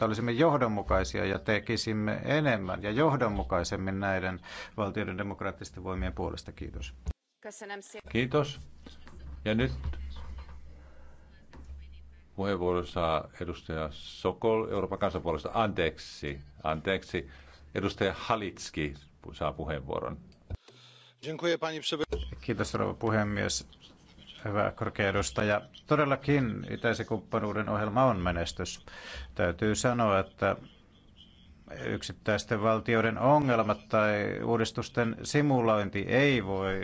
että olisimme johdonmukaisia ja tekisimme enemmän ja johdonmukaisemmin näiden valtioiden demokraattisten voimien puolesta. Kiitos. Kiitos. Ja nyt puheenvuoro saa edustaja Sokol Euroopan kansanpuolesta. Anteeksi, anteeksi. Edustaja Halitski saa puheenvuoron. Kiitos rouva puhemies hyvä korkea edustaja. Todellakin itäisen kumppanuuden ohjelma on menestys. Täytyy sanoa, että yksittäisten valtioiden ongelmat tai uudistusten simulointi ei voi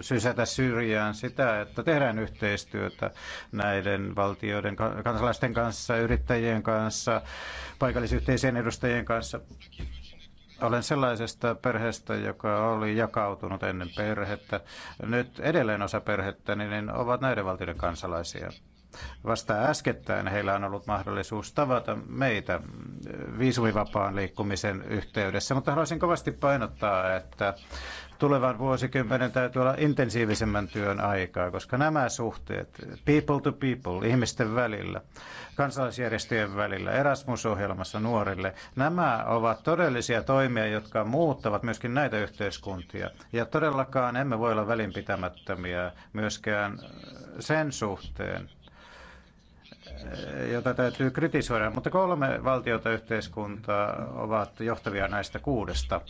sysätä syrjään sitä, että tehdään yhteistyötä näiden valtioiden kansalaisten kanssa, yrittäjien kanssa, paikallisyhteisöjen edustajien kanssa. Olen sellaisesta perheestä, joka oli jakautunut ennen perhettä. Nyt edelleen osa perhettä niin ovat näiden valtioiden kansalaisia. Vasta äskettäin heillä on ollut mahdollisuus tavata meitä viisumivapaan liikkumisen yhteydessä, mutta haluaisin kovasti painottaa, että tulevan vuosikymmenen täytyy olla intensiivisemmän työn aikaa, koska nämä suhteet, people to people, ihmisten välillä, kansalaisjärjestöjen välillä, Erasmus-ohjelmassa nuorille, nämä ovat todellisia toimia, jotka muuttavat myöskin näitä yhteiskuntia. Ja todellakaan emme voi olla välinpitämättömiä myöskään sen suhteen, Eh, jota täytyy kritisoida, mutta kolme valtiota yhteiskuntaa ovat johtavia näistä kuudesta.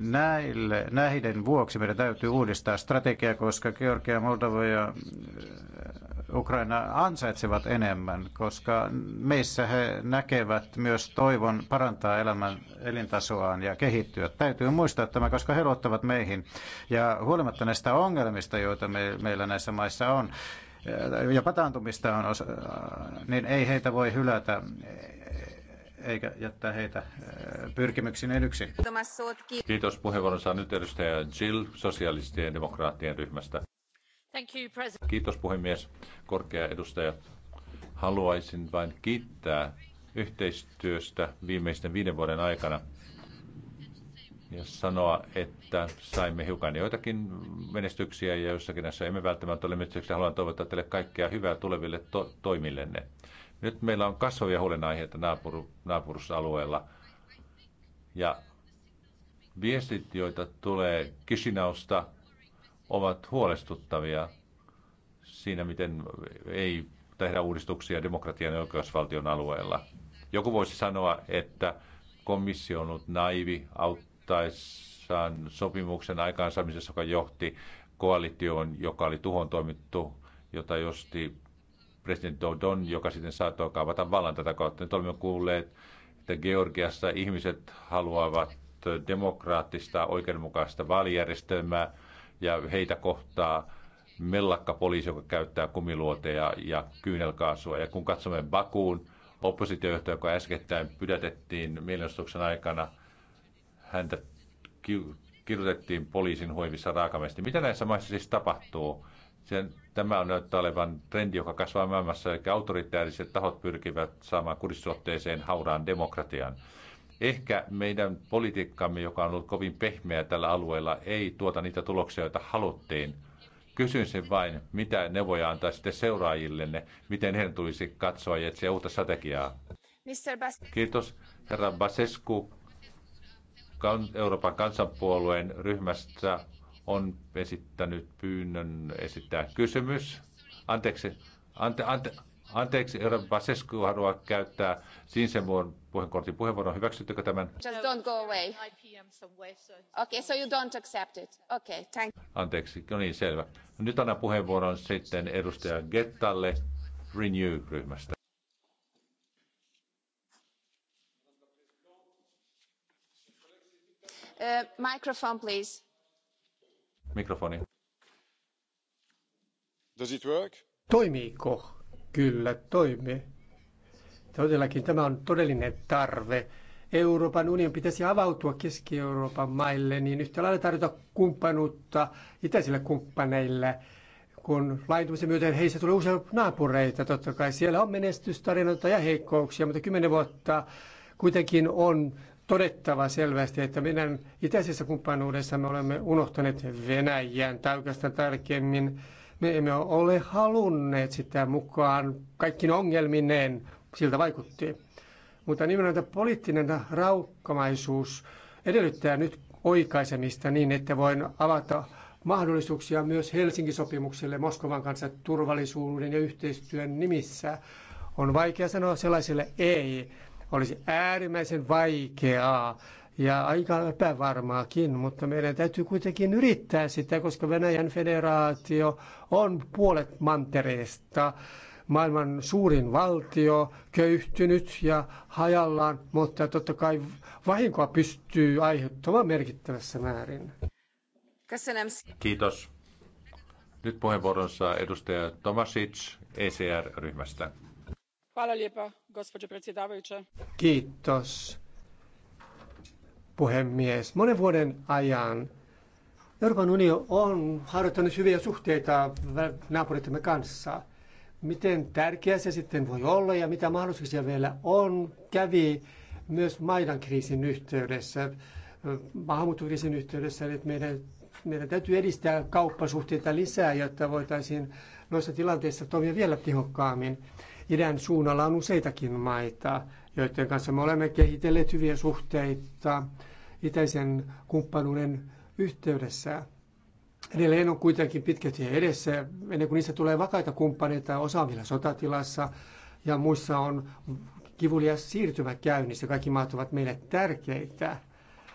Näille, näiden vuoksi meidän täytyy uudistaa strategiaa, koska Georgia, Moldova ja eh, Ukraina ansaitsevat enemmän, koska meissä he näkevät myös toivon parantaa elämän elintasoaan ja kehittyä. Täytyy muistaa tämä, koska he luottavat meihin. Ja huolimatta näistä ongelmista, joita me, meillä näissä maissa on, ja pataantumista on osa, niin ei heitä voi hylätä eikä jättää heitä pyrkimyksiin edyksi. Kiitos puheenvuoronsa nyt edustaja Jill sosialistien ja demokraattien ryhmästä. Thank you, Kiitos puhemies. Korkea edustaja, haluaisin vain kiittää yhteistyöstä viimeisten viiden vuoden aikana – ja sanoa, että saimme hiukan joitakin menestyksiä ja jossakin näissä emme välttämättä ole menestyksiä. Haluan toivottaa teille kaikkea hyvää tuleville to- toimillenne. Nyt meillä on kasvavia huolenaiheita naapur- naapurusalueella. Ja viestit, joita tulee Kisinausta, ovat huolestuttavia siinä, miten ei tehdä uudistuksia demokratian ja oikeusvaltion alueella. Joku voisi sanoa, että komissio on ollut naivi aut- vaikuttaessaan sopimuksen aikaansaamisessa, joka johti koalitioon, joka oli tuhon toimittu, jota josti presidentti Dodon, joka sitten saattoi kaavata vallan tätä kautta. Nyt olemme kuulleet, että Georgiassa ihmiset haluavat demokraattista, oikeudenmukaista vaalijärjestelmää ja heitä kohtaa mellakka poliisi, joka käyttää kumiluoteja ja kyynelkaasua. Ja kun katsomme Bakuun, oppositiojohtaja, joka äskettäin pydätettiin mielenostuksen aikana, häntä kirjoitettiin poliisin huivissa raakamesti. Mitä näissä maissa siis tapahtuu? Sen, tämä on näyttää olevan trendi, joka kasvaa maailmassa, eli autoritääriset tahot pyrkivät saamaan kuristusotteeseen hauraan demokratian. Ehkä meidän politiikkamme, joka on ollut kovin pehmeä tällä alueella, ei tuota niitä tuloksia, joita haluttiin. Kysyn sen vain, mitä neuvoja sitten seuraajillenne, miten heidän tulisi katsoa ja etsiä uutta strategiaa. Mr. Kiitos. Herra Basescu, Euroopan kansanpuolueen ryhmästä on esittänyt pyynnön esittää kysymys. Anteeksi, ante, ante, anteeksi, Euroopan Basescu haluaa käyttää sinisen puheenkortin puheenvuoron. Hyväksyttekö tämän? Just don't go away. Okay, so you don't accept it. Okay, thank you. Anteeksi, no niin, selvä. Nyt annan puheenvuoron sitten edustaja Gettalle Renew-ryhmästä. Microphone, please. Mikrofoni. Does it work? Toimiiko? Kyllä, toimii. Todellakin tämä on todellinen tarve. Euroopan unionin pitäisi avautua Keski-Euroopan maille, niin yhtä lailla tarjota kumppanuutta itäisille kumppaneille, kun laajentumisen myötä heistä tulee usein naapureita. Totta kai siellä on menestystarinoita ja heikkouksia, mutta kymmenen vuotta kuitenkin on todettava selvästi, että meidän itäisessä kumppanuudessa me olemme unohtaneet Venäjän tai oikeastaan tarkemmin. Me emme ole halunneet sitä mukaan kaikkiin ongelmineen, siltä vaikutti. Mutta nimenomaan poliittinen raukkamaisuus edellyttää nyt oikaisemista niin, että voin avata mahdollisuuksia myös Helsingin sopimukselle Moskovan kanssa turvallisuuden ja yhteistyön nimissä. On vaikea sanoa sellaiselle ei, olisi äärimmäisen vaikeaa ja aika epävarmaakin, mutta meidän täytyy kuitenkin yrittää sitä, koska Venäjän federaatio on puolet mantereesta maailman suurin valtio, köyhtynyt ja hajallaan, mutta totta kai vahinkoa pystyy aiheuttamaan merkittävässä määrin. Kiitos. Nyt puheenvuoronsa edustaja Tomasic ECR-ryhmästä. Paljon gospođo predsjedavajuća. Kiitos, puhemies. Monen vuoden ajan Euroopan unioni on harjoittanut hyviä suhteita naapurittamme kanssa. Miten tärkeä se sitten voi olla ja mitä mahdollisuuksia vielä on, kävi myös Maidan kriisin yhteydessä, maahanmuuttokriisin yhteydessä, että meidän, meidän täytyy edistää kauppasuhteita lisää, jotta voitaisiin noissa tilanteissa toimia vielä tehokkaammin. Idän suunnalla on useitakin maita, joiden kanssa me olemme kehitelleet hyviä suhteita itäisen kumppanuuden yhteydessä. Edelleen on kuitenkin pitkä tie edessä, ennen kuin niistä tulee vakaita kumppaneita osaavilla sotatilassa ja muissa on kivulias siirtymä käynnissä. Kaikki maat ovat meille tärkeitä.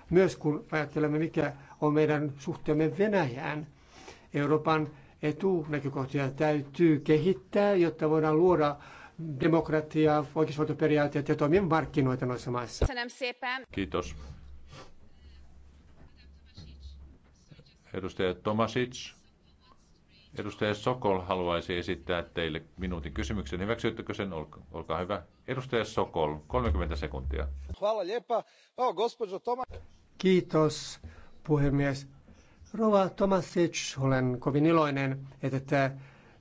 Myös kun ajattelemme, mikä on meidän suhteemme Venäjään, Euroopan etunäkökohtia täytyy kehittää, jotta voidaan luoda demokratiaa, oikeusvaltioperiaatteet ja toimien markkinoita noissa maissa. Kiitos. Edustaja Tomasic. Edustaja Sokol haluaisi esittää teille minuutin kysymyksen. Hyväksyttekö sen? Olkaa hyvä. Edustaja Sokol, 30 sekuntia. Kiitos, puhemies. Rova Tomasic, olen kovin iloinen, että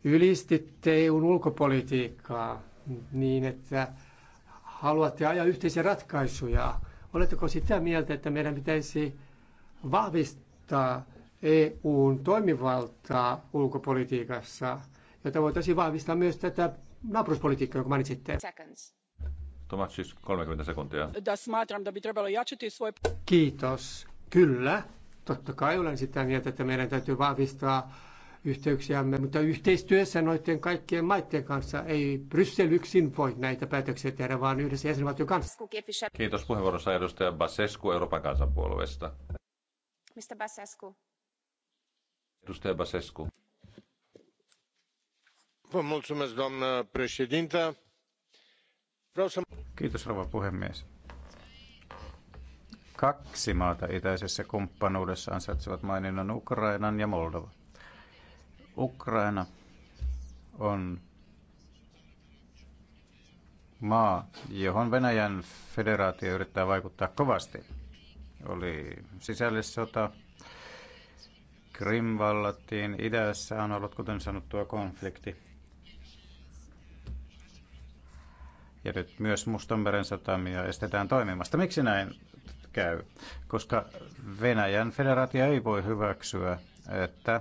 ylistitte EUn ulkopolitiikkaa niin, että haluatte ajaa yhteisiä ratkaisuja. Oletteko sitä mieltä, että meidän pitäisi vahvistaa EUn toimivaltaa ulkopolitiikassa, jota voitaisiin vahvistaa myös tätä naapuruspolitiikkaa, jonka mainitsitte? Seconds. Tomas, siis 30 sekuntia. trebalo Kiitos. Kyllä. Totta kai olen sitä mieltä, että meidän täytyy vahvistaa yhteyksiämme, mutta yhteistyössä noiden kaikkien maiden kanssa ei Bryssel yksin voi näitä päätöksiä tehdä, vaan yhdessä jäsenvaltion kanssa. Kiitos puheenvuorossa edustaja Basescu Euroopan kansanpuolueesta. Mr. Basescu. Edustaja Basescu. mulțumesc, doamnă președintă. Vreau să... Kiitos, rouva puhemies kaksi maata itäisessä kumppanuudessa ansaitsevat maininnan Ukrainan ja Moldova. Ukraina on maa, johon Venäjän federaatio yrittää vaikuttaa kovasti. Oli sisällissota, Krim vallattiin, idässä on ollut kuten sanottua konflikti. Ja nyt myös Mustanmeren satamia estetään toimimasta. Miksi näin käy? Koska Venäjän federaatio ei voi hyväksyä, että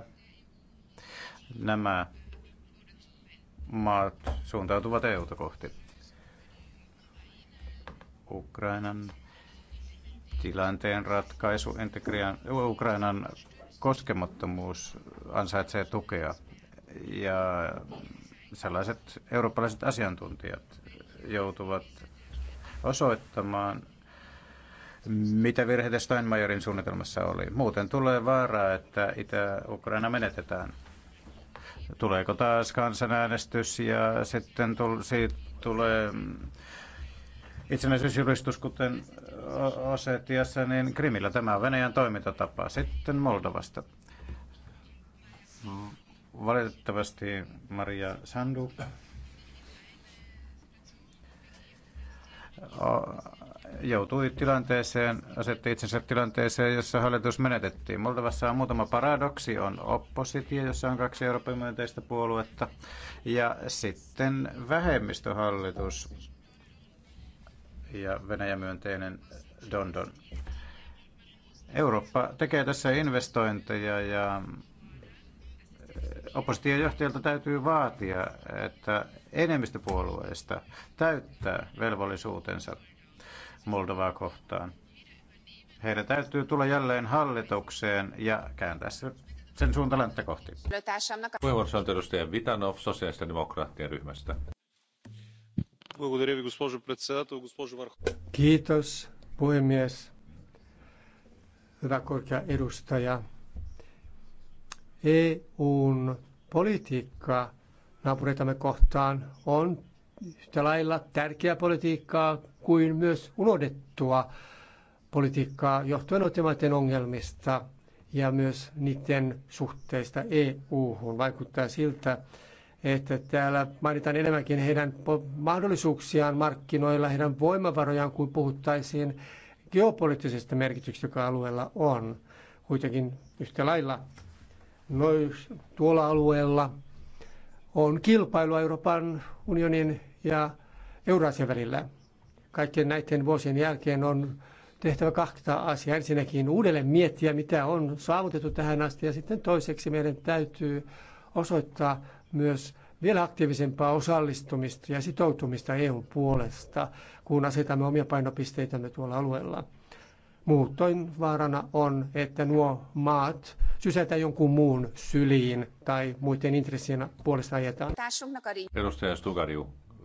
nämä maat suuntautuvat EU-ta kohti. Ukrainan tilanteen ratkaisu, Ukrainan koskemattomuus ansaitsee tukea. Ja sellaiset eurooppalaiset asiantuntijat joutuvat osoittamaan, mitä virheitä Steinmeierin suunnitelmassa oli. Muuten tulee vaaraa, että Itä-Ukraina menetetään. Tuleeko taas kansanäänestys ja sitten tull, siitä tulee itsenäisyysjulistus, kuten Osetiassa, niin Krimillä tämä on Venäjän toimintatapa. Sitten Moldovasta. Valitettavasti Maria Sandu joutui tilanteeseen, asetti itsensä tilanteeseen, jossa hallitus menetettiin. Moldovassa on muutama paradoksi, on oppositio, jossa on kaksi Euroopan myönteistä puoluetta, ja sitten vähemmistöhallitus ja Venäjä-myönteinen Dondon. Eurooppa tekee tässä investointeja ja oppositiojohtajilta täytyy vaatia, että enemmistöpuolueista täyttää velvollisuutensa Moldovaa kohtaan. Heidän täytyy tulla jälleen hallitukseen ja kääntää se sen suunta länttä kohti. Puheenvuorossa on edustaja Vitanov sosiaalisten demokraattien ryhmästä. Kiitos, puhemies. Hyvä korkea edustaja. EUn politiikka naapureitamme kohtaan on yhtä lailla tärkeää politiikkaa kuin myös unohdettua politiikkaa johtuen otimaiden ongelmista ja myös niiden suhteista EU-hun. Vaikuttaa siltä, että täällä mainitaan enemmänkin heidän mahdollisuuksiaan markkinoilla, heidän voimavarojaan, kuin puhuttaisiin geopoliittisesta merkityksestä, joka alueella on. Kuitenkin yhtä lailla noin tuolla alueella on kilpailua Euroopan unionin ja Eurasian välillä. Kaikkien näiden vuosien jälkeen on tehtävä kahta asiaa. Ensinnäkin uudelleen miettiä, mitä on saavutettu tähän asti, ja sitten toiseksi meidän täytyy osoittaa myös vielä aktiivisempaa osallistumista ja sitoutumista EU-puolesta, kun asetamme omia painopisteitämme tuolla alueella. Muutoin vaarana on, että nuo maat sysätään jonkun muun syliin tai muiden intressien puolesta ajetaan. Edustaja Stugariu,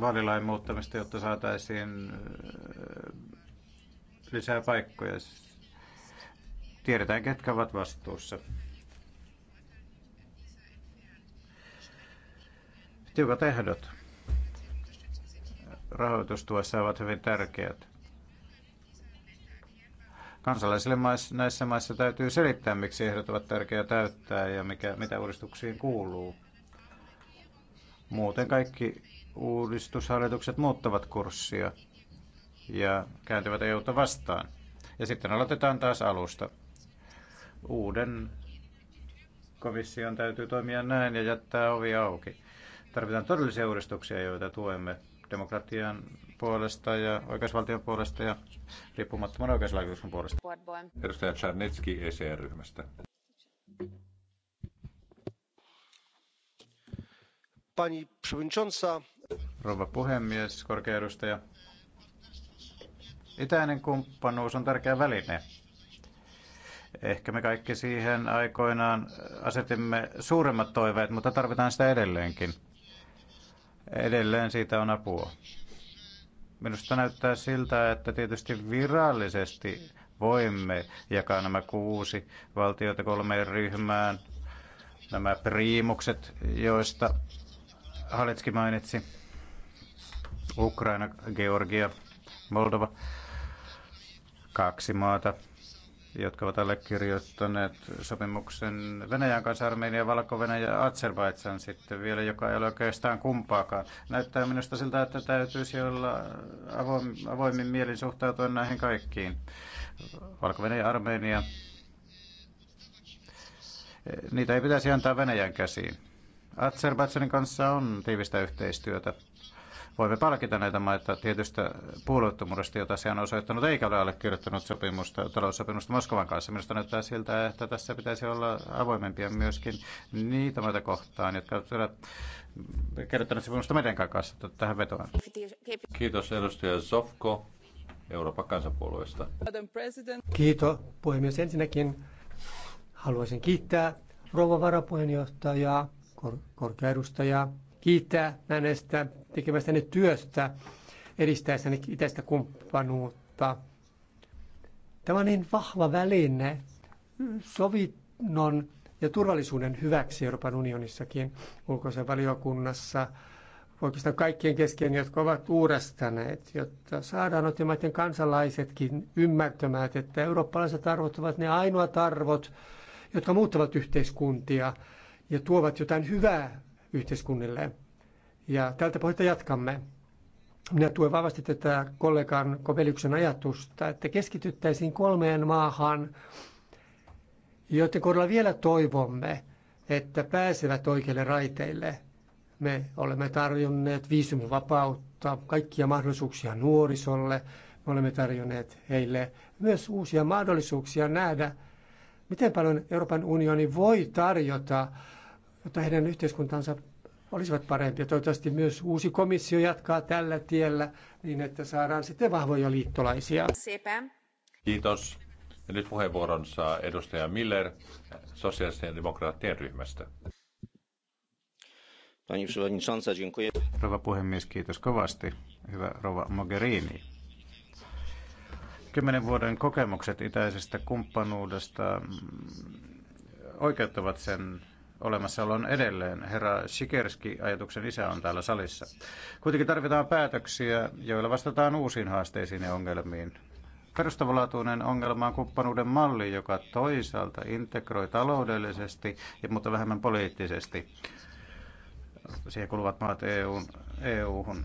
vaalilain muuttamista, jotta saataisiin lisää paikkoja. Tiedetään, ketkä ovat vastuussa. Tiukat ehdot rahoitustuessa ovat hyvin tärkeät. Kansalaisille näissä maissa täytyy selittää, miksi ehdot ovat tärkeää täyttää ja mikä, mitä uudistuksiin kuuluu. Muuten kaikki uudistushallitukset muuttavat kurssia ja kääntyvät EUta vastaan. Ja sitten aloitetaan taas alusta. Uuden komission täytyy toimia näin ja jättää ovi auki. Tarvitaan todellisia uudistuksia, joita tuemme demokratian puolesta ja oikeusvaltion puolesta ja riippumattoman oikeuslaitoksen puolesta. Edustaja Czarnetski ECR-ryhmästä. Pani przewodnicząca, rouva puhemies, korkea edustaja. Itäinen kumppanuus on tärkeä väline. Ehkä me kaikki siihen aikoinaan asetimme suuremmat toiveet, mutta tarvitaan sitä edelleenkin. Edelleen siitä on apua. Minusta näyttää siltä, että tietysti virallisesti voimme jakaa nämä kuusi valtiota kolmeen ryhmään, nämä priimukset, joista Haletski mainitsi, Ukraina, Georgia, Moldova, kaksi maata, jotka ovat allekirjoittaneet sopimuksen Venäjän kanssa, Armenia, Valko-Venäjä ja Azerbaidsan sitten vielä, joka ei ole oikeastaan kumpaakaan. Näyttää minusta siltä, että täytyisi olla avoim, avoimin mielin suhtautua näihin kaikkiin. valko ja Armenia, niitä ei pitäisi antaa Venäjän käsiin. Azerbaidžanin kanssa on tiivistä yhteistyötä. Voimme palkita näitä maita tietystä puolueettomuudesta, jota se on osoittanut, eikä ole allekirjoittanut sopimusta, taloussopimusta Moskovan kanssa. Minusta näyttää siltä, että tässä pitäisi olla avoimempia myöskin niitä maita kohtaan, jotka ovat kerrottaneet sopimusta meidän kanssa tähän vetoon. Kiitos edustaja Sofko Euroopan kansanpuolueesta. Kiitos puhemies. Ensinnäkin haluaisin kiittää rouva varapuheenjohtajaa kor- korkea edustaja kiittää näistä tekemästäni työstä edistäessäni itäistä kumppanuutta. Tämä on niin vahva väline sovinnon ja turvallisuuden hyväksi Euroopan unionissakin ulkoisen valiokunnassa oikeastaan kaikkien kesken, jotka ovat uurastaneet, jotta saadaan otimaiden kansalaisetkin ymmärtämään, että eurooppalaiset arvot ovat ne ainoat arvot, jotka muuttavat yhteiskuntia ja tuovat jotain hyvää yhteiskunnille. Ja tältä pohjalta jatkamme. Minä tuen vahvasti tätä kollegan Koveliuksen ajatusta, että keskityttäisiin kolmeen maahan, joiden kohdalla vielä toivomme, että pääsevät oikeille raiteille. Me olemme tarjonneet viisumivapautta, kaikkia mahdollisuuksia nuorisolle. Me olemme tarjonneet heille myös uusia mahdollisuuksia nähdä, miten paljon Euroopan unioni voi tarjota jotta heidän yhteiskuntansa olisivat parempia. Toivottavasti myös uusi komissio jatkaa tällä tiellä niin, että saadaan sitten vahvoja liittolaisia. Kiitos. Ja nyt puheenvuoron saa edustaja Miller sosiaalisten demokraattien ryhmästä. Rova puhemies, kiitos kovasti. Hyvä Rova Mogherini. Kymmenen vuoden kokemukset itäisestä kumppanuudesta mm, oikeuttavat sen olemassaolon edelleen. Herra Sikerski, ajatuksen isä, on täällä salissa. Kuitenkin tarvitaan päätöksiä, joilla vastataan uusiin haasteisiin ja ongelmiin. Perustavanlaatuinen ongelma on kumppanuuden malli, joka toisaalta integroi taloudellisesti, mutta vähemmän poliittisesti siihen kuluvat maat EUn, EU-hun.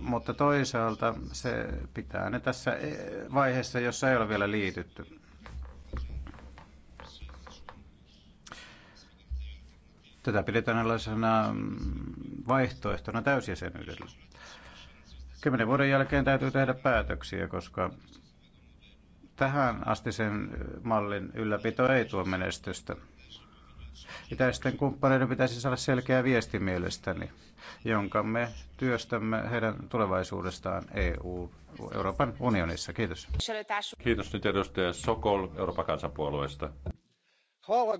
Mutta toisaalta se pitää ne tässä vaiheessa, jossa ei ole vielä liitytty. Tätä pidetään tällaisena mm, vaihtoehtona täysjäsenyydellä. Kymmenen vuoden jälkeen täytyy tehdä päätöksiä, koska tähän asti sen mallin ylläpito ei tuo menestystä. Itäisten kumppaneiden pitäisi saada selkeä viesti mielestäni, jonka me työstämme heidän tulevaisuudestaan EU, Euroopan unionissa. Kiitos. Kiitos nyt edustaja Sokol Euroopan kansanpuolueesta. Hvala,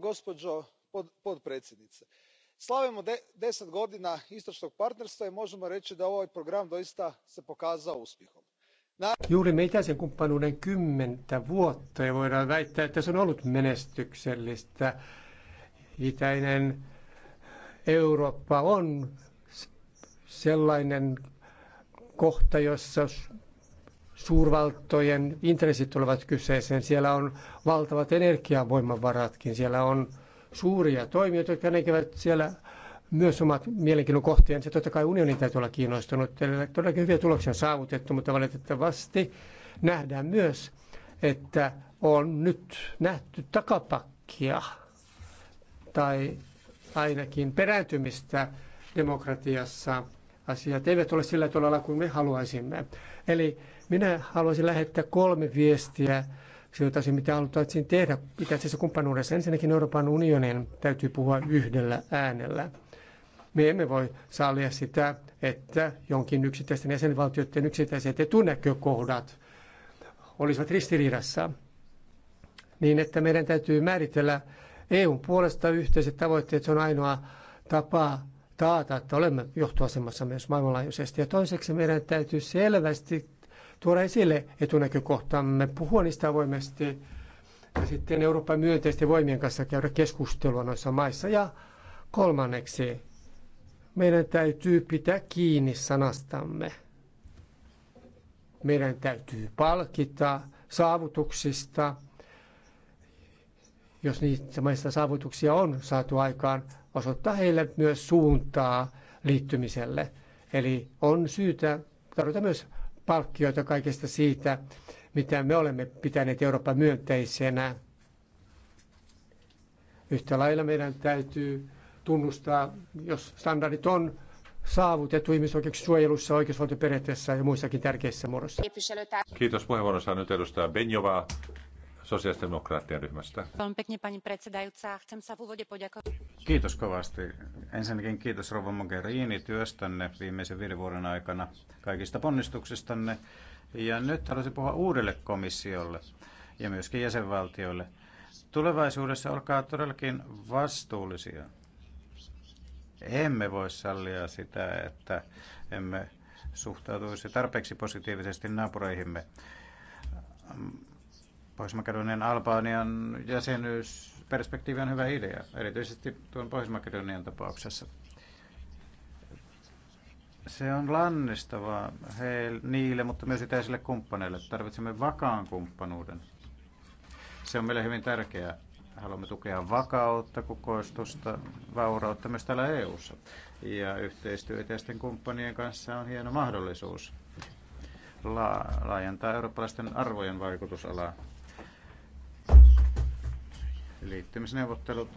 potpredsjednice slavimo deset godina istonog partnerstva i moemo rei da se ovaj program doista pokazao uspjehom. Juuri me itäisen kumppanuuden kymmentä vuotta ja voidaan väittää, että se on ollut menestyksellistä. Itäinen Eurooppa on sellainen kohta, jossa suurvaltojen intressit tulevat kyseeseen. Siellä on valtavat energiavoimavaratkin, siellä on suuria toimijoita, jotka näkevät siellä myös omat mielenkiinnon Se Totta kai unionin täytyy olla kiinnostunut. Todellakin hyviä tuloksia on saavutettu, mutta valitettavasti nähdään myös, että on nyt nähty takapakkia tai ainakin perääntymistä demokratiassa. Asiat eivät ole sillä tavalla kuin me haluaisimme. Eli minä haluaisin lähettää kolme viestiä se jotain, mitä haluttaisiin tehdä itäisessä kumppanuudessa. Ensinnäkin Euroopan unionin täytyy puhua yhdellä äänellä. Me emme voi sallia sitä, että jonkin yksittäisten jäsenvaltioiden yksittäiset etunäkökohdat olisivat ristiriidassa, niin että meidän täytyy määritellä EUn puolesta yhteiset tavoitteet. Se on ainoa tapa taata, että olemme johtoasemassa myös maailmanlaajuisesti. Ja toiseksi meidän täytyy selvästi tuoda esille etunäkökohtamme, puhua niistä avoimesti ja sitten Euroopan myönteisten voimien kanssa käydä keskustelua noissa maissa. Ja kolmanneksi, meidän täytyy pitää kiinni sanastamme. Meidän täytyy palkita saavutuksista, jos niissä maista saavutuksia on saatu aikaan, osoittaa heille myös suuntaa liittymiselle. Eli on syytä tarvita myös palkkioita kaikesta siitä, mitä me olemme pitäneet Euroopan myönteisenä. Yhtä lailla meidän täytyy tunnustaa, jos standardit on saavutettu ihmisoikeuksien suojelussa, oikeusvaltioperiaatteessa ja muissakin tärkeissä muodossa. Kiitos puheenvuorossa nyt edustaja Benjovaa sosiaalidemokraattien ryhmästä. Kiitos kovasti. Ensinnäkin kiitos Rova Mogherini työstänne viimeisen viiden vuoden aikana, kaikista ponnistuksistanne. Ja nyt haluaisin puhua uudelle komissiolle ja myöskin jäsenvaltioille. Tulevaisuudessa olkaa todellakin vastuullisia. Emme voi sallia sitä, että emme suhtautuisi tarpeeksi positiivisesti naapureihimme Pohjois-Makedonian Albanian jäsenyysperspektiivi on hyvä idea, erityisesti tuon Pohjois-Makedonian tapauksessa. Se on lannistavaa heille, niille, mutta myös itäisille kumppaneille. Tarvitsemme vakaan kumppanuuden. Se on meille hyvin tärkeää. Haluamme tukea vakautta, kukoistusta, vaurautta myös täällä EU:ssa. Ja yhteistyö itäisten kumppanien kanssa on hieno mahdollisuus laajentaa eurooppalaisten arvojen vaikutusalaa liittymisneuvottelut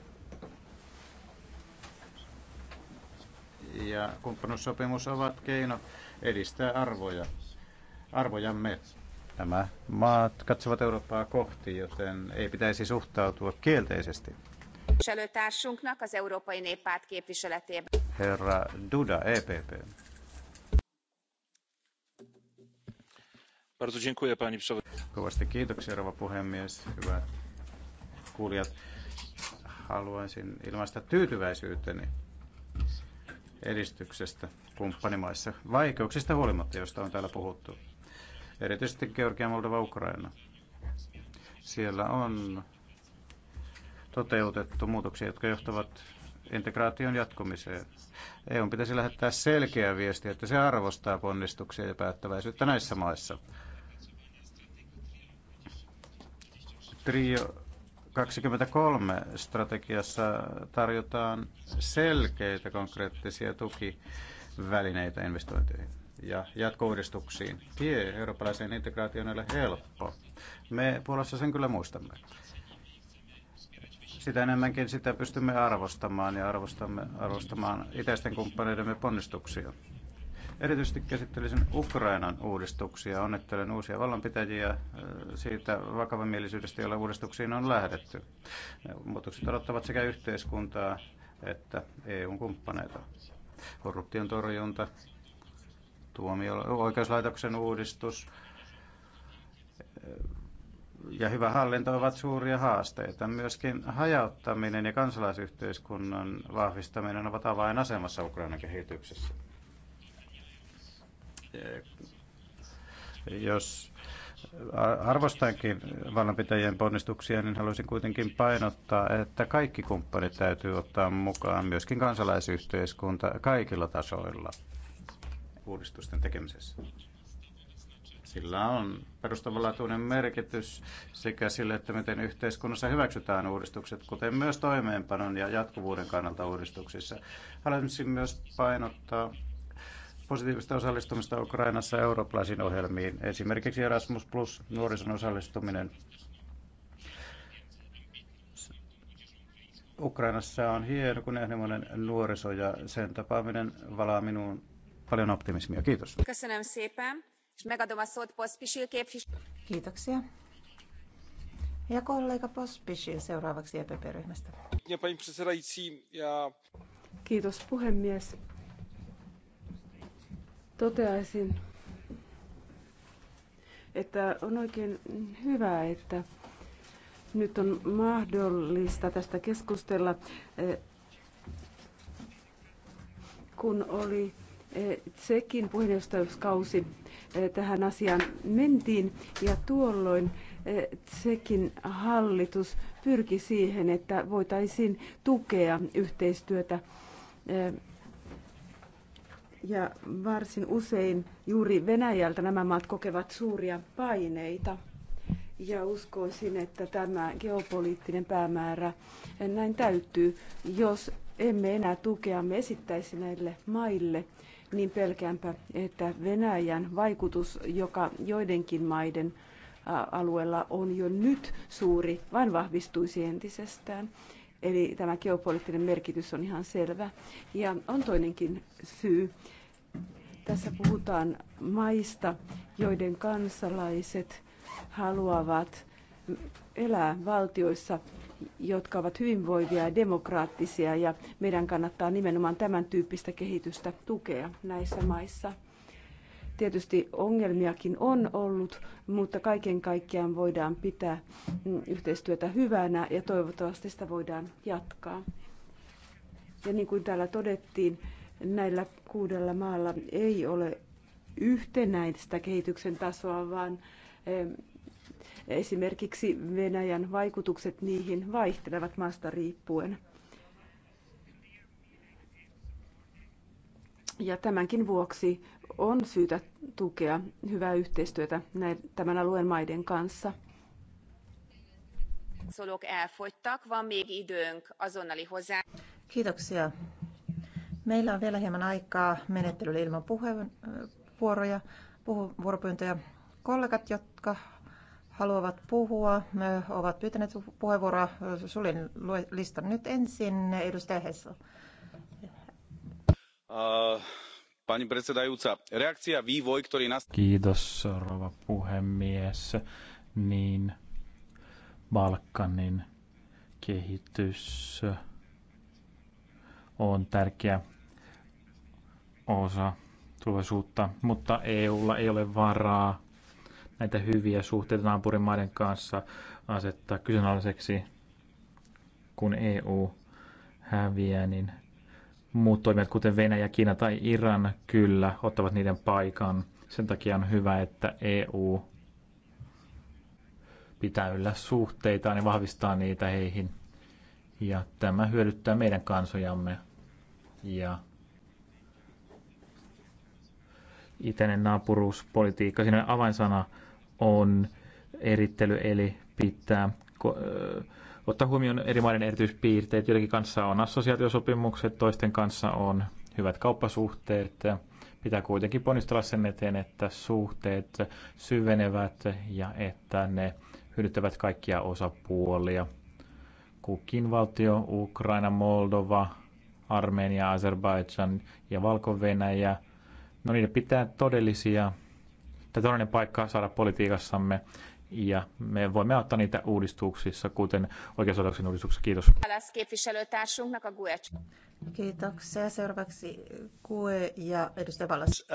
ja kumppanuussopimus ovat keino edistää arvoja, arvojamme. Nämä maat katsovat Eurooppaa kohti, joten ei pitäisi suhtautua kielteisesti. Herra Duda, EPP. Kovasti kiitoksia, rouva puhemies. Hyvät kuulijat, haluaisin ilmaista tyytyväisyyteni edistyksestä kumppanimaissa, vaikeuksista huolimatta, joista on täällä puhuttu. Erityisesti Georgia, Moldova, Ukraina. Siellä on toteutettu muutoksia, jotka johtavat integraation jatkumiseen. EU pitäisi lähettää selkeä viesti, että se arvostaa ponnistuksia ja päättäväisyyttä näissä maissa. Trio 23 strategiassa tarjotaan selkeitä konkreettisia tukivälineitä investointeihin ja jatkouudistuksiin. Tie eurooppalaiseen integraatioon ei ole helppo. Me Puolassa sen kyllä muistamme. Sitä enemmänkin sitä pystymme arvostamaan ja arvostamme, arvostamaan itäisten kumppaneidemme ponnistuksia. Erityisesti käsittelisin Ukrainan uudistuksia. Onnettelen uusia vallanpitäjiä äh, siitä vakavamielisyydestä, jolla uudistuksiin on lähdetty. Muutokset odottavat sekä yhteiskuntaa että EU-kumppaneita. Korruption torjunta, tuomio- oikeuslaitoksen uudistus äh, ja hyvä hallinto ovat suuria haasteita. Myöskin hajauttaminen ja kansalaisyhteiskunnan vahvistaminen ovat avainasemassa Ukrainan kehityksessä. Jos arvostankin vallanpitäjien ponnistuksia, niin haluaisin kuitenkin painottaa, että kaikki kumppanit täytyy ottaa mukaan, myöskin kansalaisyhteiskunta kaikilla tasoilla uudistusten tekemisessä. Sillä on perustavanlaatuinen merkitys sekä sille, että miten yhteiskunnassa hyväksytään uudistukset, kuten myös toimeenpanon ja jatkuvuuden kannalta uudistuksissa. Haluaisin myös painottaa positiivista osallistumista Ukrainassa eurooppalaisiin ohjelmiin, esimerkiksi Erasmus Plus, nuorison osallistuminen. Ukrainassa on hieno monen nuoriso ja sen tapaaminen valaa minuun paljon optimismia. Kiitos. Kiitoksia. Ja kollega Pospisil seuraavaksi EPP-ryhmästä. Kiitos puhemies. Toteaisin, että on oikein hyvä, että nyt on mahdollista tästä keskustella, kun oli eh, Tsekin puheenjohtajuuskausi eh, tähän asiaan mentiin ja tuolloin eh, Tsekin hallitus pyrki siihen, että voitaisiin tukea yhteistyötä ja varsin usein juuri Venäjältä nämä maat kokevat suuria paineita. Ja uskoisin, että tämä geopoliittinen päämäärä näin täyttyy. Jos emme enää tukeamme esittäisi näille maille, niin pelkäänpä, että Venäjän vaikutus, joka joidenkin maiden alueella on jo nyt suuri, vain vahvistuisi entisestään. Eli tämä geopoliittinen merkitys on ihan selvä. Ja on toinenkin syy, tässä puhutaan maista, joiden kansalaiset haluavat elää valtioissa, jotka ovat hyvinvoivia ja demokraattisia, ja meidän kannattaa nimenomaan tämän tyyppistä kehitystä tukea näissä maissa. Tietysti ongelmiakin on ollut, mutta kaiken kaikkiaan voidaan pitää yhteistyötä hyvänä ja toivottavasti sitä voidaan jatkaa. Ja niin kuin täällä todettiin, näillä kuudella maalla ei ole yhtenäistä kehityksen tasoa, vaan esimerkiksi Venäjän vaikutukset niihin vaihtelevat maasta riippuen. Ja tämänkin vuoksi on syytä tukea hyvää yhteistyötä näin, tämän alueen maiden kanssa. Kiitoksia. Meillä on vielä hieman aikaa menettelylle ilman puheenvuoroja, puheenvuoropyyntöjä. Kollegat, jotka haluavat puhua, ovat pyytäneet puheenvuoroa. Sulin listan nyt ensin. Edustaja Hessel. Pani predsedajúca, reakcia vývoj, ktorý nas... Kiitos, rouva puhemies. Niin, Balkanin kehitys on tärkeä osa tulevaisuutta, mutta EUlla ei ole varaa näitä hyviä suhteita naapurimaiden kanssa asettaa kyseenalaiseksi, kun EU häviää, niin muut toimijat, kuten Venäjä, Kiina tai Iran, kyllä ottavat niiden paikan. Sen takia on hyvä, että EU pitää yllä suhteitaan ja vahvistaa niitä heihin. Ja tämä hyödyttää meidän kansojamme. Ja itäinen naapuruuspolitiikka. Siinä avainsana on erittely, eli pitää ottaa huomioon eri maiden erityispiirteet. Joidenkin kanssa on assosiaatiosopimukset, toisten kanssa on hyvät kauppasuhteet. Pitää kuitenkin ponnistella sen eteen, että suhteet syvenevät ja että ne hyödyttävät kaikkia osapuolia. Kukin valtio, Ukraina, Moldova, Armenia, Azerbaidžan ja Valko-Venäjä – No niiden pitää todellisia, tai todellinen paikka saada politiikassamme, ja me voimme auttaa niitä uudistuksissa, kuten oikeuslaitoksen uudistuksessa. Kiitos. Kiitoksia. Seuraavaksi Kue ja edustaja Vallas.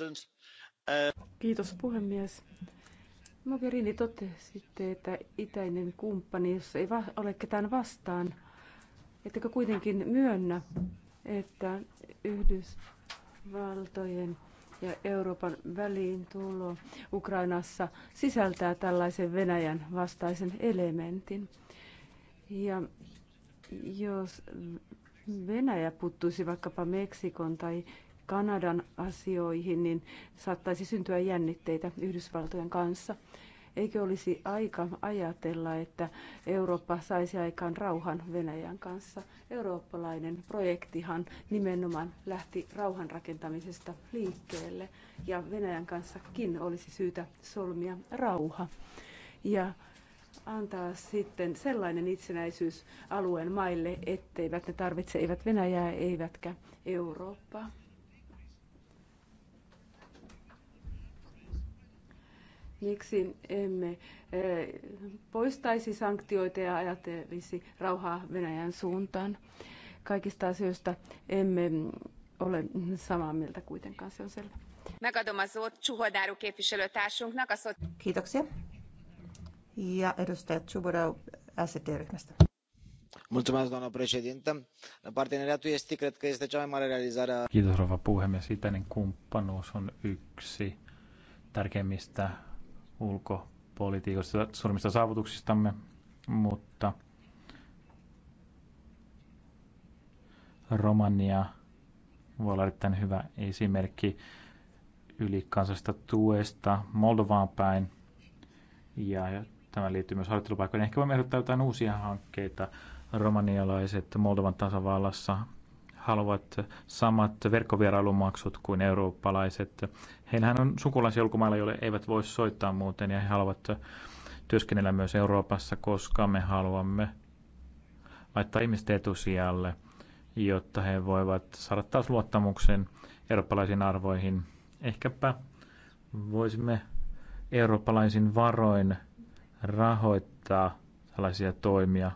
Uh, uh, Kiitos puhemies. Mogherini totesitte, että itäinen kumppani, jos ei ole ketään vastaan, ettekö kuitenkin myönnä, että Yhdys Yhdysvaltojen ja Euroopan väliin tulo Ukrainassa sisältää tällaisen Venäjän vastaisen elementin. Ja jos Venäjä puttuisi vaikkapa Meksikon tai Kanadan asioihin, niin saattaisi syntyä jännitteitä Yhdysvaltojen kanssa. Eikö olisi aika ajatella, että Eurooppa saisi aikaan rauhan Venäjän kanssa? Eurooppalainen projektihan nimenomaan lähti rauhan rakentamisesta liikkeelle ja Venäjän kanssakin olisi syytä solmia rauha. Ja antaa sitten sellainen itsenäisyys alueen maille, etteivät ne tarvitse eivät Venäjää eivätkä Eurooppaa. Miksi emme poistaisi sanktioita ja ajattelisi rauhaa Venäjän suuntaan? Kaikista asioista emme ole samaa mieltä kuitenkaan, se on selvä. Megadom a szót Csuhodáru képviselőtársunknak. A szót... Kiitoksia. Ja edustaja Csuhodáru ST-ryhmästä. Mulțumesc, doamnă președintă. Parteneriatul estic cred că este cea mai mare realizare a... Kiitos, rouva puhemies. Itäinen kumppanuus on yksi tärkeimmistä ulkopolitiikasta suurimmista saavutuksistamme, mutta Romania voi olla erittäin hyvä esimerkki ylikansallisesta tuesta Moldovaan päin. Ja, ja tämä liittyy myös harjoittelupaikkoihin. Ehkä voimme ehdottaa jotain uusia hankkeita romanialaiset Moldovan tasavallassa haluavat samat verkkovierailumaksut kuin eurooppalaiset. Heillähän on sukulaisia ulkomailla, joille eivät voi soittaa muuten, ja he haluavat työskennellä myös Euroopassa, koska me haluamme laittaa ihmiset etusijalle, jotta he voivat saada taas luottamuksen eurooppalaisiin arvoihin. Ehkäpä voisimme eurooppalaisin varoin rahoittaa tällaisia toimia.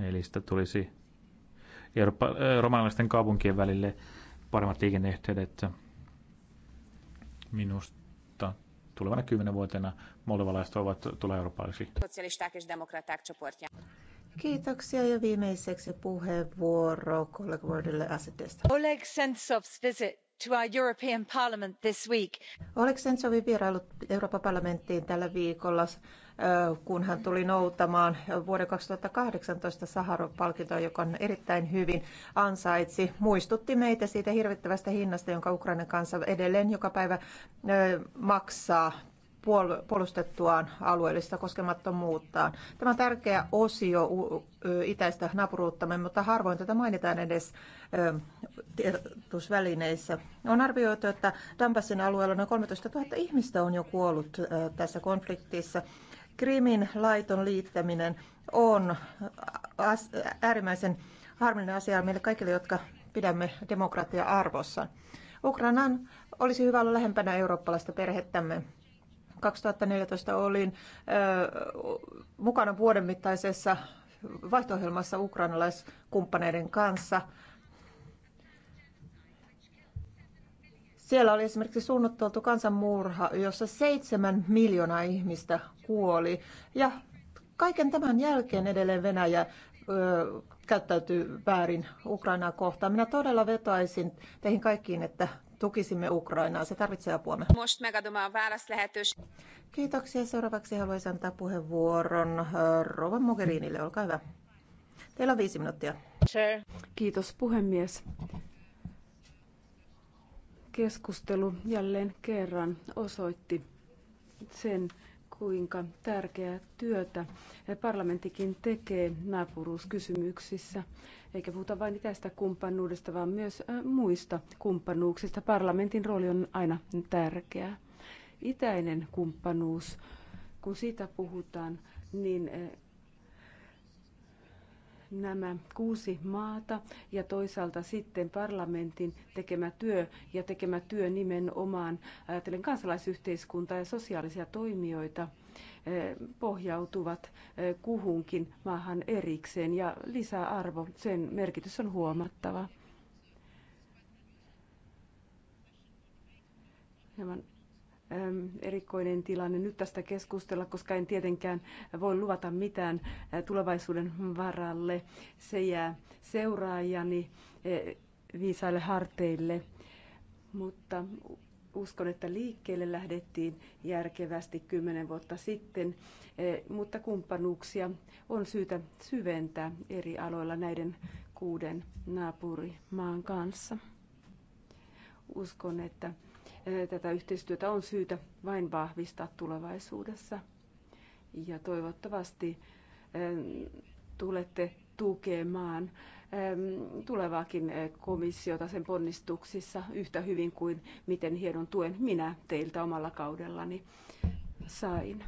Eli sitä tulisi Eurooppa, romanialaisten kaupunkien välille paremmat liikenneyhteydet. Minusta tulevana kymmenen vuotena moldovalaiset ovat tulee eurooppalaisiksi. Kiitoksia ja viimeiseksi puheenvuoro kollegoille asetesta. Oleg Sentsov's visit to our European Parliament this week. vierailut Euroopan parlamenttiin tällä viikolla, kun hän tuli noutamaan vuoden 2018 Saharov-palkintoa, joka on erittäin hyvin ansaitsi. Muistutti meitä siitä hirvittävästä hinnasta, jonka Ukrainan kansa edelleen joka päivä maksaa puolustettuaan alueellista koskemattomuuttaan. Tämä on tärkeä osio itäistä naapuruuttamme, mutta harvoin tätä mainitaan edes tiedotusvälineissä. On arvioitu, että Dambassin alueella noin 13 000 ihmistä on jo kuollut tässä konfliktissa. Krimin laiton liittäminen on äärimmäisen harmillinen asia meille kaikille, jotka pidämme demokratia arvossa. Ukrainan olisi hyvä olla lähempänä eurooppalaista perhettämme. 2014 olin mukana vuoden mittaisessa vaihto-ohjelmassa ukrainalaiskumppaneiden kanssa. Siellä oli esimerkiksi suunniteltu kansanmurha, jossa seitsemän miljoonaa ihmistä kuoli. Ja kaiken tämän jälkeen edelleen Venäjä ö, käyttäytyy väärin Ukrainaa kohtaan. Minä todella vetoaisin teihin kaikkiin, että tukisimme Ukrainaa. Se tarvitsee apuamme. Most megadom Kiitoksia. Seuraavaksi haluaisin antaa puheenvuoron äh, Rova Mogherinille. Olkaa hyvä. Teillä on viisi minuuttia. Sure. Kiitos puhemies. Keskustelu jälleen kerran osoitti sen, kuinka tärkeää työtä parlamenttikin tekee naapuruuskysymyksissä. Eikä puhuta vain itästä kumppanuudesta, vaan myös muista kumppanuuksista. Parlamentin rooli on aina tärkeä. Itäinen kumppanuus, kun siitä puhutaan, niin nämä kuusi maata ja toisaalta sitten parlamentin tekemä työ ja tekemä työ nimenomaan ajatellen kansalaisyhteiskuntaa ja sosiaalisia toimijoita – pohjautuvat kuhunkin maahan erikseen ja lisäarvo, sen merkitys on huomattava. Hieman erikoinen tilanne nyt tästä keskustella, koska en tietenkään voi luvata mitään tulevaisuuden varalle. Se jää seuraajani viisaille harteille. Mutta uskon, että liikkeelle lähdettiin järkevästi kymmenen vuotta sitten, eh, mutta kumppanuuksia on syytä syventää eri aloilla näiden kuuden naapurimaan kanssa. Uskon, että eh, tätä yhteistyötä on syytä vain vahvistaa tulevaisuudessa. Ja toivottavasti eh, tulette tukemaan Ehm, tulevaakin eh, komissiota sen ponnistuksissa yhtä hyvin kuin miten hienon tuen minä teiltä omalla kaudellani sain.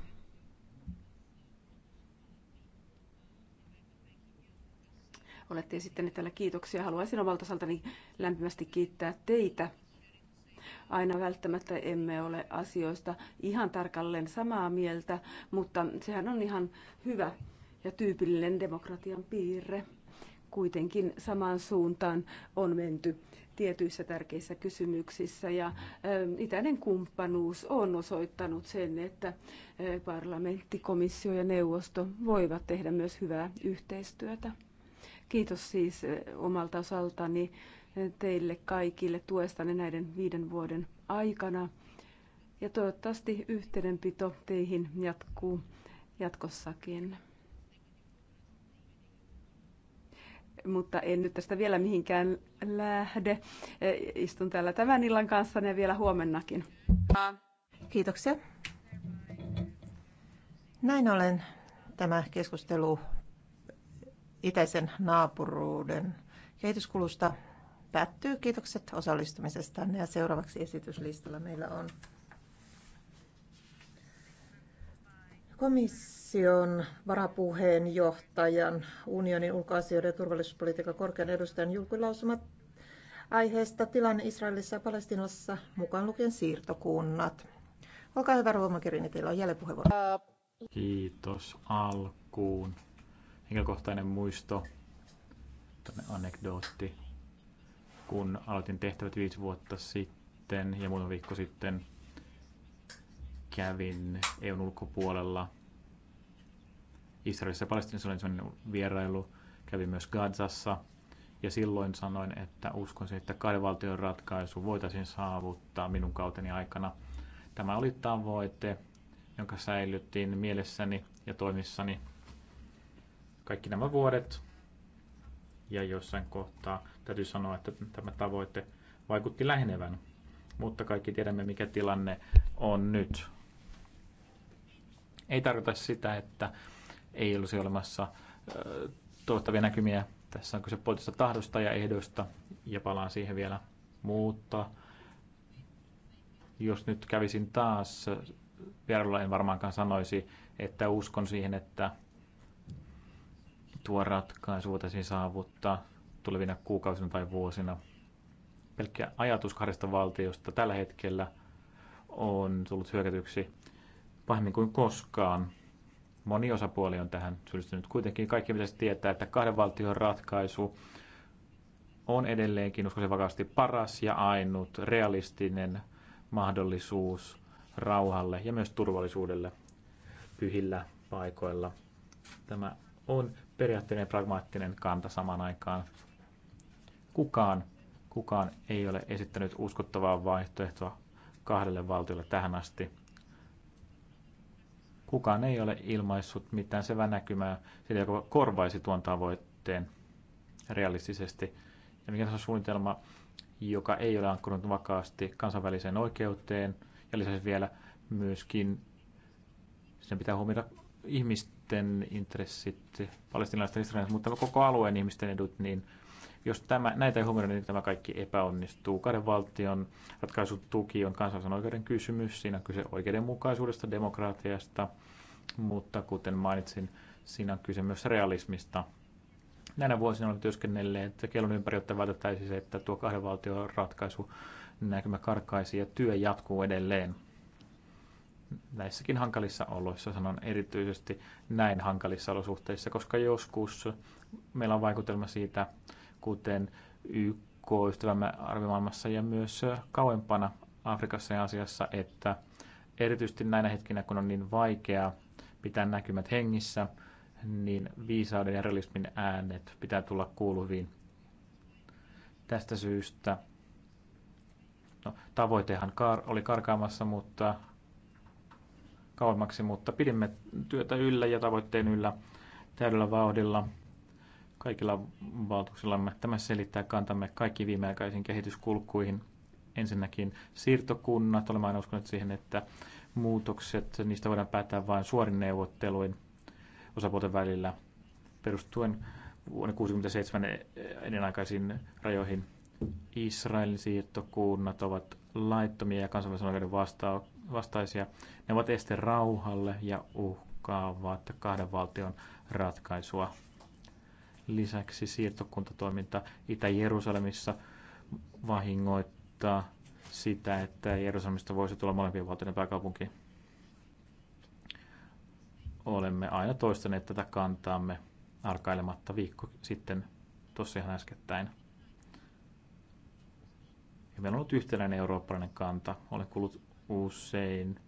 Olette esittäneet täällä kiitoksia. Haluaisin omalta osaltani lämpimästi kiittää teitä aina välttämättä emme ole asioista ihan tarkalleen samaa mieltä, mutta sehän on ihan hyvä ja tyypillinen demokratian piirre kuitenkin samaan suuntaan on menty tietyissä tärkeissä kysymyksissä. Ja itäinen kumppanuus on osoittanut sen, että parlamentti, komissio ja neuvosto voivat tehdä myös hyvää yhteistyötä. Kiitos siis omalta osaltani teille kaikille tuestanne näiden viiden vuoden aikana. Ja toivottavasti yhteydenpito teihin jatkuu jatkossakin. mutta en nyt tästä vielä mihinkään lähde. Eh, istun täällä tämän illan kanssa ja vielä huomennakin. Kiitoksia. Näin olen tämä keskustelu itäisen naapuruuden kehityskulusta päättyy. Kiitokset osallistumisestanne ja seuraavaksi esityslistalla meillä on komissio komission varapuheenjohtajan unionin ulkoasioiden ja turvallisuuspolitiikan korkean edustajan julkilausumat aiheesta tilanne Israelissa ja Palestinassa, mukaan lukien siirtokunnat. Olkaa hyvä, Rouva Kirini, teillä on jälleen puheenvuoro. Kiitos alkuun. Henkilökohtainen muisto, tämmöinen anekdootti. Kun aloitin tehtävät viisi vuotta sitten ja muutama viikko sitten, kävin EUn ulkopuolella Israelissa ja Palestinassa oli ensimmäinen vierailu, kävi myös Gazassa. Ja silloin sanoin, että uskon että kahden ratkaisu voitaisiin saavuttaa minun kauteni aikana. Tämä oli tavoite, jonka säilyttiin mielessäni ja toimissani kaikki nämä vuodet. Ja jossain kohtaa täytyy sanoa, että tämä tavoite vaikutti lähenevän. Mutta kaikki tiedämme, mikä tilanne on nyt. Ei tarkoita sitä, että ei olisi olemassa toivottavia näkymiä. Tässä on kyse poliittisesta tahdosta ja ehdoista, ja palaan siihen vielä. Mutta jos nyt kävisin taas vierailla, en varmaankaan sanoisi, että uskon siihen, että tuo ratkaisu voitaisiin saavuttaa tulevina kuukausina tai vuosina. Pelkkä ajatus kahdesta valtiosta tällä hetkellä on tullut hyökätyksi pahemmin kuin koskaan Moni osapuoli on tähän syyllistynyt. Kuitenkin kaikki pitäisi tietää, että kahden valtion ratkaisu on edelleenkin uskoisin vakavasti paras ja ainut realistinen mahdollisuus rauhalle ja myös turvallisuudelle pyhillä paikoilla. Tämä on periaatteellinen pragmaattinen kanta samaan aikaan. Kukaan, kukaan ei ole esittänyt uskottavaa vaihtoehtoa kahdelle valtiolle tähän asti. Kukaan ei ole ilmaissut mitään sevän näkymää siitä, joka korvaisi tuon tavoitteen realistisesti. Ja mikä on suunnitelma, joka ei ole ankkunut vakaasti kansainväliseen oikeuteen. Ja lisäksi vielä myöskin sen pitää huomioida ihmisten intressit, palestinaisten, israelilaiset, mutta koko alueen ihmisten edut, niin – jos tämä, näitä ei huomioida, niin tämä kaikki epäonnistuu. Kahden valtion ratkaisutuki on kansallisen oikeuden kysymys. Siinä on kyse oikeudenmukaisuudesta, demokratiasta, mutta kuten mainitsin, siinä on kyse myös realismista. Näinä vuosina olen että kellon ympäri, jotta vältettäisi se, että tuo kahden valtion ratkaisu näkymä karkaisi ja työ jatkuu edelleen näissäkin hankalissa oloissa, sanon erityisesti näin hankalissa olosuhteissa, koska joskus meillä on vaikutelma siitä, kuten YK, ystävämme arvimaailmassa ja myös kauempana Afrikassa ja Asiassa, että erityisesti näinä hetkinä, kun on niin vaikeaa pitää näkymät hengissä, niin viisauden ja realismin äänet pitää tulla kuuluviin. Tästä syystä no, tavoitehan kar- oli karkaamassa, mutta kauemmaksi, mutta pidimme työtä yllä ja tavoitteen yllä täydellä vauhdilla kaikilla valtuuksillamme. Tämä selittää kantamme kaikki viimeaikaisiin kehityskulkuihin. Ensinnäkin siirtokunnat. Olemme aina uskoneet siihen, että muutokset, niistä voidaan päättää vain suorin neuvotteluin osapuolten välillä perustuen vuonna 1967 ennenaikaisiin rajoihin. Israelin siirtokunnat ovat laittomia ja kansainvälisen oikeuden vasta- vastaisia. Ne ovat este rauhalle ja uhkaavat kahden valtion ratkaisua. Lisäksi siirtokuntatoiminta Itä-Jerusalemissa vahingoittaa sitä, että Jerusalemista voisi tulla molempien valtioiden pääkaupunki. Olemme aina toistaneet tätä kantaamme arkailematta viikko sitten tuossa ihan äskettäin. Ja meillä on ollut yhtenäinen eurooppalainen kanta. Olen kuullut usein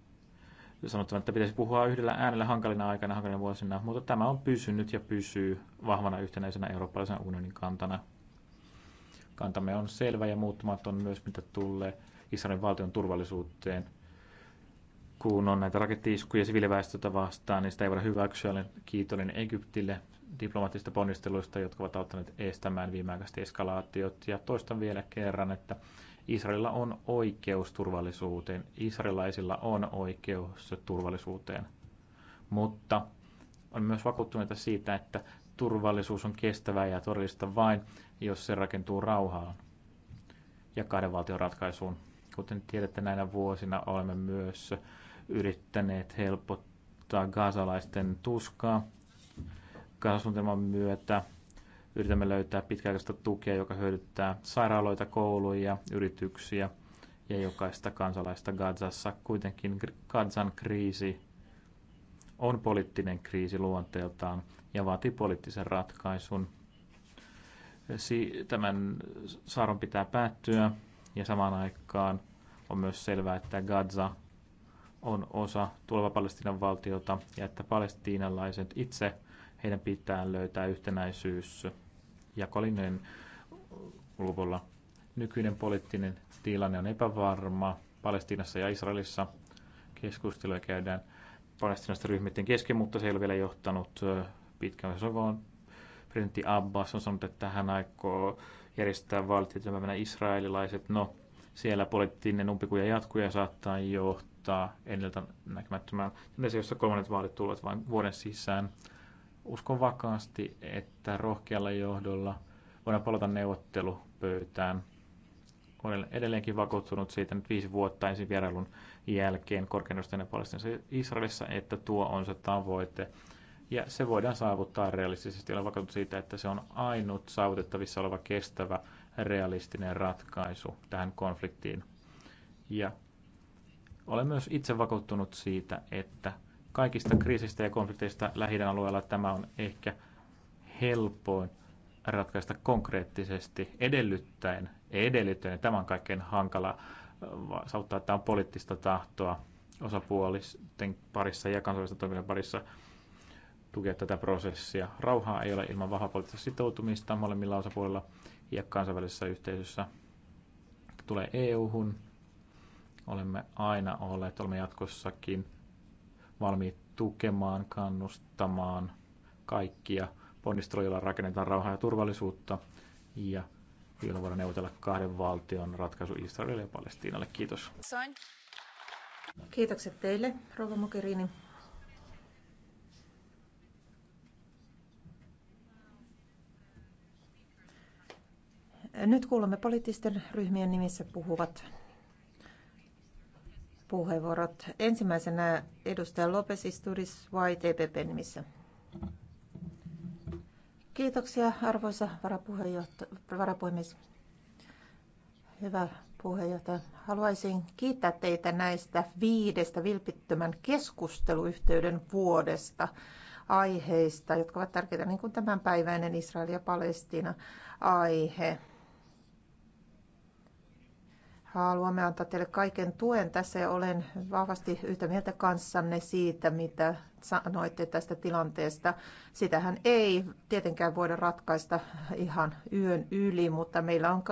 sanottava, että pitäisi puhua yhdellä äänellä hankalina aikana, hankalina vuosina, mutta tämä on pysynyt ja pysyy vahvana yhtenäisenä eurooppalaisen unionin kantana. Kantamme on selvä ja muuttumaton myös, mitä tulee Israelin valtion turvallisuuteen. Kun on näitä rakettiiskuja siviiliväestötä vastaan, niin sitä ei voida hyväksyä. Olen kiitollinen Egyptille diplomaattisista ponnisteluista, jotka ovat auttaneet estämään viimeaikaiset eskalaatiot. Ja toistan vielä kerran, että Israelilla on oikeus turvallisuuteen. israelaisilla on oikeus turvallisuuteen. Mutta on myös vakuuttuneita siitä, että turvallisuus on kestävää ja todellista vain, jos se rakentuu rauhaan ja kahden valtion ratkaisuun. Kuten tiedätte, näinä vuosina olemme myös yrittäneet helpottaa gaasalaisten tuskaa. Gaasasuunnitelman myötä yritämme löytää pitkäaikaista tukea, joka hyödyttää sairaaloita, kouluja, yrityksiä ja jokaista kansalaista Gazassa. Kuitenkin Gazan kriisi on poliittinen kriisi luonteeltaan ja vaatii poliittisen ratkaisun. Tämän saaron pitää päättyä ja samaan aikaan on myös selvää, että Gaza on osa tuleva Palestiinan valtiota ja että palestiinalaiset itse – heidän pitää löytää yhtenäisyys jakolinjojen luvulla. Nykyinen poliittinen tilanne on epävarma. Palestiinassa ja Israelissa keskusteluja käydään palestinaisten ryhmien kesken, mutta se ei ole vielä johtanut pitkään. sovoon. presidentti Abbas on sanonut, että hän aikoo järjestää vaalit ja israelilaiset. No, siellä poliittinen umpikuja jatkuu ja saattaa johtaa edeltä näkemättömään se jossa kolmannet vaalit tulevat vain vuoden sisään. Uskon vakaasti, että rohkealla johdolla voidaan palata neuvottelupöytään. Olen edelleenkin vakuuttunut siitä nyt viisi vuotta ensin vierailun jälkeen korkeudustajana Palestinassa Israelissa, että tuo on se tavoite. Ja se voidaan saavuttaa realistisesti. Olen vakuuttunut siitä, että se on ainut saavutettavissa oleva kestävä realistinen ratkaisu tähän konfliktiin. Ja olen myös itse vakuuttunut siitä, että Kaikista kriisistä ja konflikteista lähi alueella tämä on ehkä helpoin ratkaista konkreettisesti edellyttäen, edellyttäen, tämä on kaikkein hankala saattaa, että on poliittista tahtoa osapuolisten parissa ja kansainvälisten toimijoiden parissa tukea tätä prosessia. Rauhaa ei ole ilman vahvaa poliittista sitoutumista molemmilla osapuolilla ja kansainvälisessä yhteisössä tulee EU-hun. Olemme aina olleet, olemme jatkossakin – valmiit tukemaan, kannustamaan kaikkia ponnisteluilla rakennetaan rauhaa ja turvallisuutta ja vielä voidaan neuvotella kahden valtion ratkaisu Israelille ja Palestiinalle. Kiitos. Kiitokset teille, Rova Mokerini. Nyt kuulemme poliittisten ryhmien nimissä puhuvat puheenvuorot. Ensimmäisenä edustaja Lopes Isturis YTPP nimissä. Kiitoksia arvoisa varapuhemies. Hyvä puheenjohtaja. Haluaisin kiittää teitä näistä viidestä vilpittömän keskusteluyhteyden vuodesta aiheista, jotka ovat tärkeitä, niin kuin tämänpäiväinen Israel ja Palestina aihe. Haluamme antaa teille kaiken tuen tässä ja olen vahvasti yhtä mieltä kanssanne siitä, mitä sanoitte tästä tilanteesta. Sitähän ei tietenkään voida ratkaista ihan yön yli, mutta meillä on,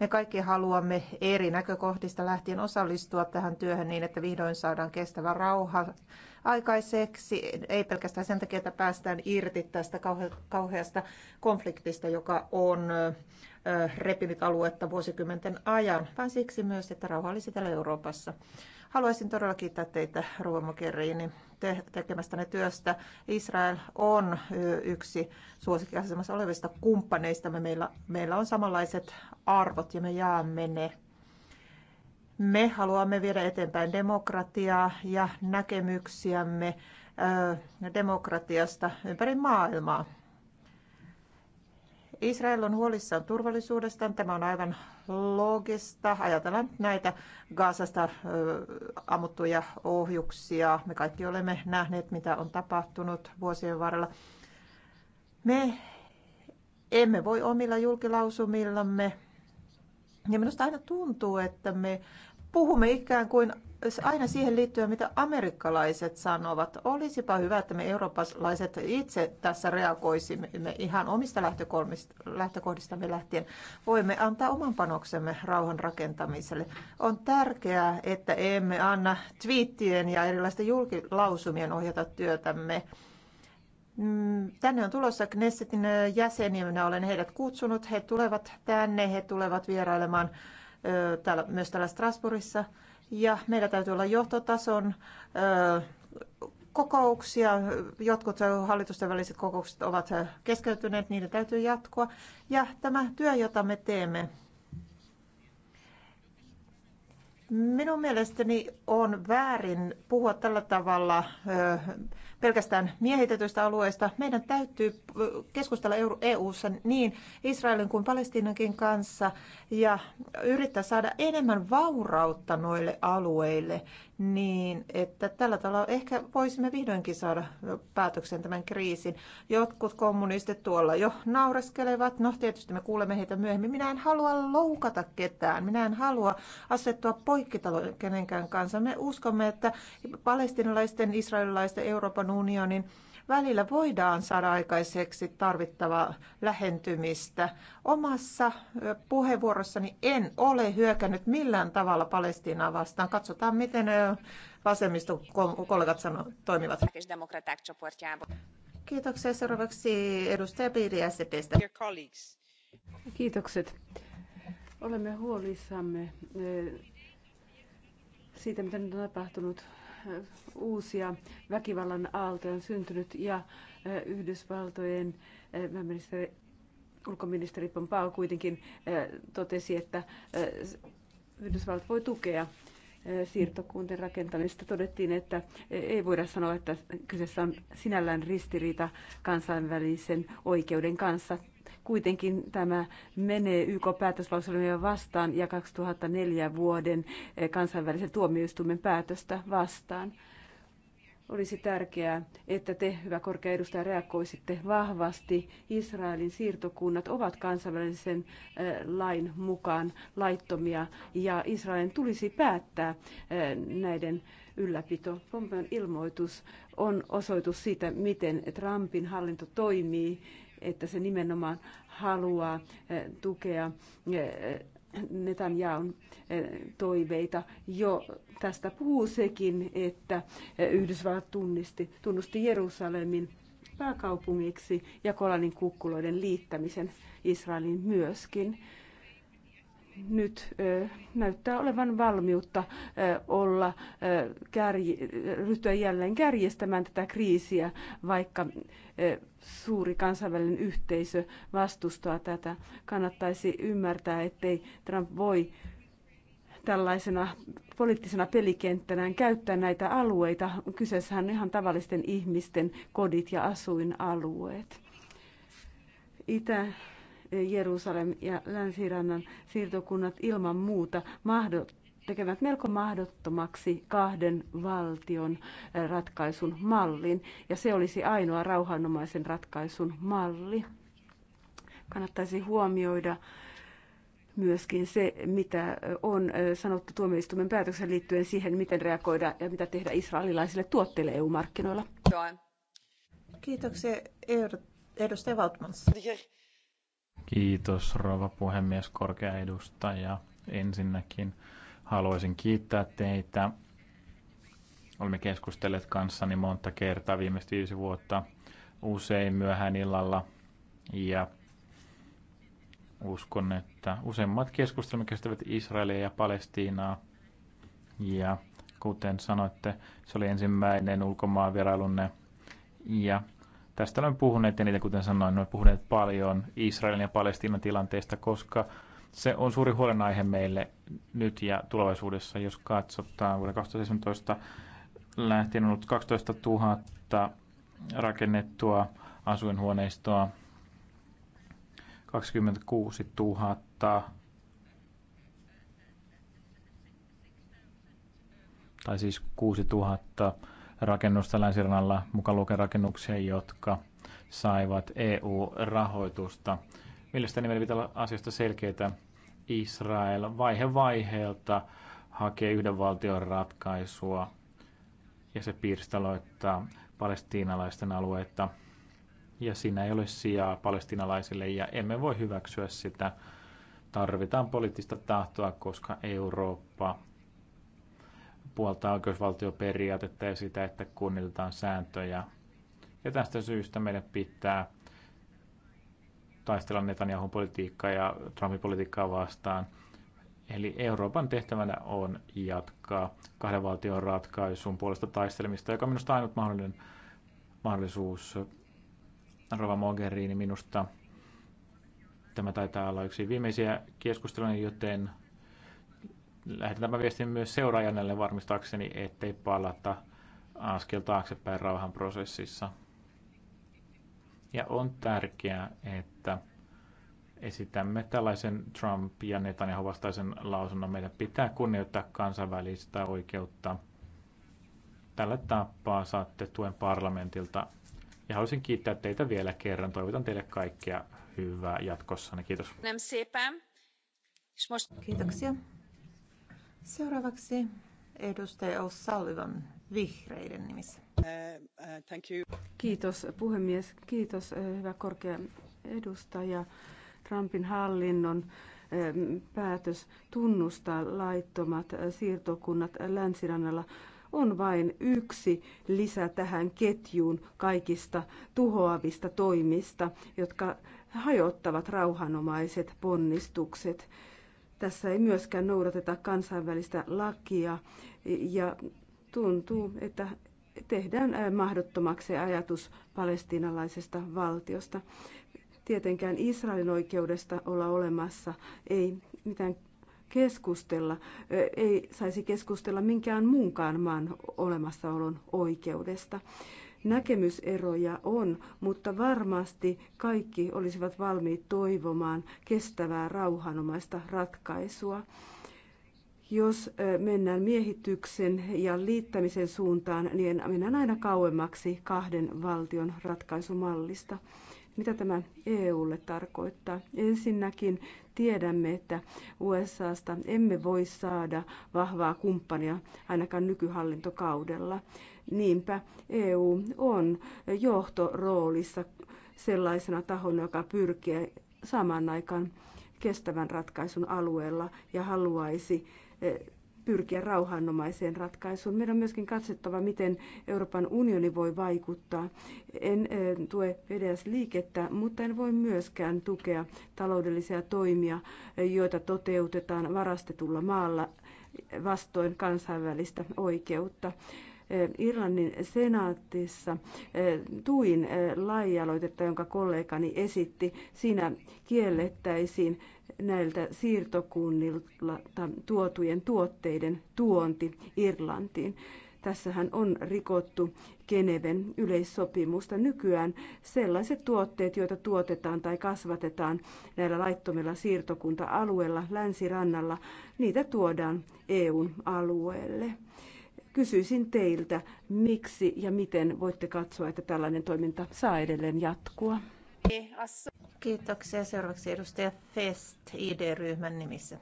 me kaikki haluamme eri näkökohdista lähtien osallistua tähän työhön niin, että vihdoin saadaan kestävä rauha aikaiseksi, ei pelkästään sen takia, että päästään irti tästä kauheasta konfliktista, joka on repinyt aluetta vuosikymmenten ajan, vaan siksi myös, että rauha olisi täällä Euroopassa. Haluaisin todella kiittää teitä, Rova Mogherini, te- tekemästäne työstä. Israel on yksi suosikkiasemassa olevista kumppaneista. Meillä, meillä on samanlaiset arvot ja me jaamme ne. Me haluamme viedä eteenpäin demokratiaa ja näkemyksiämme demokratiasta ympäri maailmaa. Israel on huolissaan turvallisuudestaan. Tämä on aivan loogista. Ajatellaan näitä Gaasasta ammuttuja ohjuksia. Me kaikki olemme nähneet, mitä on tapahtunut vuosien varrella. Me emme voi omilla julkilausumillamme. Ja minusta aina tuntuu, että me puhumme ikään kuin aina siihen liittyen, mitä amerikkalaiset sanovat. Olisipa hyvä, että me eurooppalaiset itse tässä reagoisimme ihan omista lähtökohdistamme lähtien. Voimme antaa oman panoksemme rauhan rakentamiselle. On tärkeää, että emme anna twiittien ja erilaisten julkilausumien ohjata työtämme. Mm, tänne on tulossa Knessetin jäseniä, minä olen heidät kutsunut. He tulevat tänne, he tulevat vierailemaan täällä, myös täällä Strasbourgissa – ja meillä täytyy olla johtotason kokouksia. Jotkut hallitusten väliset kokoukset ovat keskeytyneet, niiden täytyy jatkua. Ja tämä työ, jota me teemme, Minun mielestäni on väärin puhua tällä tavalla pelkästään miehitetyistä alueista. Meidän täytyy keskustella EU-ssa e niin Israelin kuin Palestiinankin kanssa ja yrittää saada enemmän vaurautta noille alueille niin, että tällä tavalla ehkä voisimme vihdoinkin saada päätöksen tämän kriisin. Jotkut kommunistit tuolla jo naureskelevat. No tietysti me kuulemme heitä myöhemmin. Minä en halua loukata ketään. Minä en halua asettua poikkitalouden kenenkään kanssa. Me uskomme, että palestinalaisten, israelilaisten, Euroopan unionin välillä voidaan saada aikaiseksi tarvittavaa lähentymistä. Omassa puheenvuorossani en ole hyökännyt millään tavalla Palestiinaa vastaan. Katsotaan, miten vasemmiston kollegat toimivat. Kiitoksia. Seuraavaksi edustaja Piiri SDstä. Kiitokset. Olemme huolissamme siitä, mitä nyt on tapahtunut uusia väkivallan aaltoja on syntynyt ja Yhdysvaltojen ministeri, ulkoministeri Pompao kuitenkin totesi, että Yhdysvallat voi tukea siirtokuntien rakentamista. Todettiin, että ei voida sanoa, että kyseessä on sinällään ristiriita kansainvälisen oikeuden kanssa. Kuitenkin tämä menee YK-päätöslauselmia vastaan ja 2004 vuoden eh, kansainvälisen tuomioistuimen päätöstä vastaan olisi tärkeää, että te, hyvä korkea edustaja, reagoisitte vahvasti. Israelin siirtokunnat ovat kansainvälisen eh, lain mukaan laittomia ja Israelin tulisi päättää eh, näiden ylläpito. Pompeon ilmoitus on osoitus siitä, miten Trumpin hallinto toimii että se nimenomaan haluaa eh, tukea eh, Netanjaun eh, toiveita. Jo tästä puhuu sekin, että Yhdysvallat tunnisti, tunnusti Jerusalemin pääkaupungiksi ja Kolanin kukkuloiden liittämisen Israelin myöskin nyt näyttää olevan valmiutta olla, kärj, ryhtyä jälleen kärjestämään tätä kriisiä, vaikka suuri kansainvälinen yhteisö vastustaa tätä. Kannattaisi ymmärtää, ettei Trump voi tällaisena poliittisena pelikenttänään käyttää näitä alueita. Kyseessähän on ihan tavallisten ihmisten kodit ja asuinalueet. Itä Jerusalem ja Länsirannan siirtokunnat ilman muuta mahdot, tekevät melko mahdottomaksi kahden valtion ratkaisun mallin, ja se olisi ainoa rauhanomaisen ratkaisun malli. Kannattaisi huomioida myöskin se, mitä on sanottu tuomioistuimen päätöksen liittyen siihen, miten reagoida ja mitä tehdä israelilaisille tuotteille EU-markkinoilla. Kiitoksia, edustaja Valtmans. Kiitos rouva puhemies, korkea edustaja. Ensinnäkin haluaisin kiittää teitä. Olemme keskustelleet kanssani monta kertaa viimeiset viisi vuotta usein myöhään illalla ja uskon, että useimmat keskustelut kestävät Israelia ja Palestiinaa. Ja kuten sanoitte, se oli ensimmäinen ulkomaanvierailunne ja Tästä olemme puhuneet niitä kuten sanoin, olemme puhuneet paljon Israelin ja Palestiinan tilanteesta, koska se on suuri huolenaihe meille nyt ja tulevaisuudessa, jos katsotaan vuoden 2017 lähtien on ollut 12 000 rakennettua asuinhuoneistoa, 26 000 tai siis 6 000 rakennusta länsirannalla, mukaan lukien rakennuksia, jotka saivat EU-rahoitusta. Mielestäni meidän pitää olla asiasta selkeitä. Israel vaihe vaiheelta hakee yhden valtion ratkaisua ja se pirstaloittaa palestiinalaisten aluetta. Ja siinä ei ole sijaa palestiinalaisille ja emme voi hyväksyä sitä. Tarvitaan poliittista tahtoa, koska Eurooppa puoltaa oikeusvaltioperiaatetta ja sitä, että kunnioitetaan sääntöjä. Ja tästä syystä meidän pitää taistella Netanyahun politiikkaa ja Trumpin politiikkaa vastaan. Eli Euroopan tehtävänä on jatkaa kahden valtion ratkaisun puolesta taistelemista, joka on minusta ainut mahdollinen mahdollisuus. Rova Mogherini minusta tämä taitaa olla yksi viimeisiä keskusteluja, joten lähetän tämän viestin myös seuraajanelle varmistaakseni, ettei palata askel taaksepäin rauhanprosessissa. Ja on tärkeää, että esitämme tällaisen Trump- ja Netanyahu vastaisen lausunnon. Meidän pitää kunnioittaa kansainvälistä oikeutta. Tällä tapaa saatte tuen parlamentilta. Ja haluaisin kiittää teitä vielä kerran. Toivotan teille kaikkea hyvää jatkossanne. Kiitos. Kiitoksia. Seuraavaksi edustaja O'Sullivan vihreiden nimissä. Uh, uh, thank you. Kiitos puhemies, kiitos uh, hyvä korkea edustaja. Trumpin hallinnon päätös tunnustaa laittomat siirtokunnat länsirannalla on vain yksi lisä tähän ketjuun kaikista tuhoavista toimista, jotka hajottavat rauhanomaiset ponnistukset tässä ei myöskään noudateta kansainvälistä lakia ja tuntuu, että tehdään mahdottomaksi ajatus palestiinalaisesta valtiosta. Tietenkään Israelin oikeudesta olla olemassa ei mitään keskustella, ei saisi keskustella minkään muunkaan maan olemassaolon oikeudesta. Näkemyseroja on, mutta varmasti kaikki olisivat valmiit toivomaan kestävää rauhanomaista ratkaisua jos mennään miehityksen ja liittämisen suuntaan, niin mennään aina kauemmaksi kahden valtion ratkaisumallista. Mitä tämä EUlle tarkoittaa? Ensinnäkin tiedämme, että USAsta emme voi saada vahvaa kumppania ainakaan nykyhallintokaudella. Niinpä EU on johtoroolissa sellaisena tahona, joka pyrkii saman aikaan kestävän ratkaisun alueella ja haluaisi eh, pyrkiä rauhanomaiseen ratkaisuun. Meidän on myöskin katsottava, miten Euroopan unioni voi vaikuttaa. En eh, tue edes liikettä mutta en voi myöskään tukea taloudellisia toimia, eh, joita toteutetaan varastetulla maalla vastoin kansainvälistä oikeutta. Irlannin senaatissa eh, tuin eh, lajialoitetta, jonka kollegani esitti. Siinä kiellettäisiin näiltä siirtokunnilta tuotujen tuotteiden tuonti Irlantiin. Tässähän on rikottu Geneven yleissopimusta. Nykyään sellaiset tuotteet, joita tuotetaan tai kasvatetaan näillä laittomilla siirtokunta-alueilla länsirannalla, niitä tuodaan EUn alueelle. Kysyisin teiltä, miksi ja miten voitte katsoa, että tällainen toiminta saa edelleen jatkua? Kiitoksia. Seuraavaksi edustaja Fest ID-ryhmän nimissä.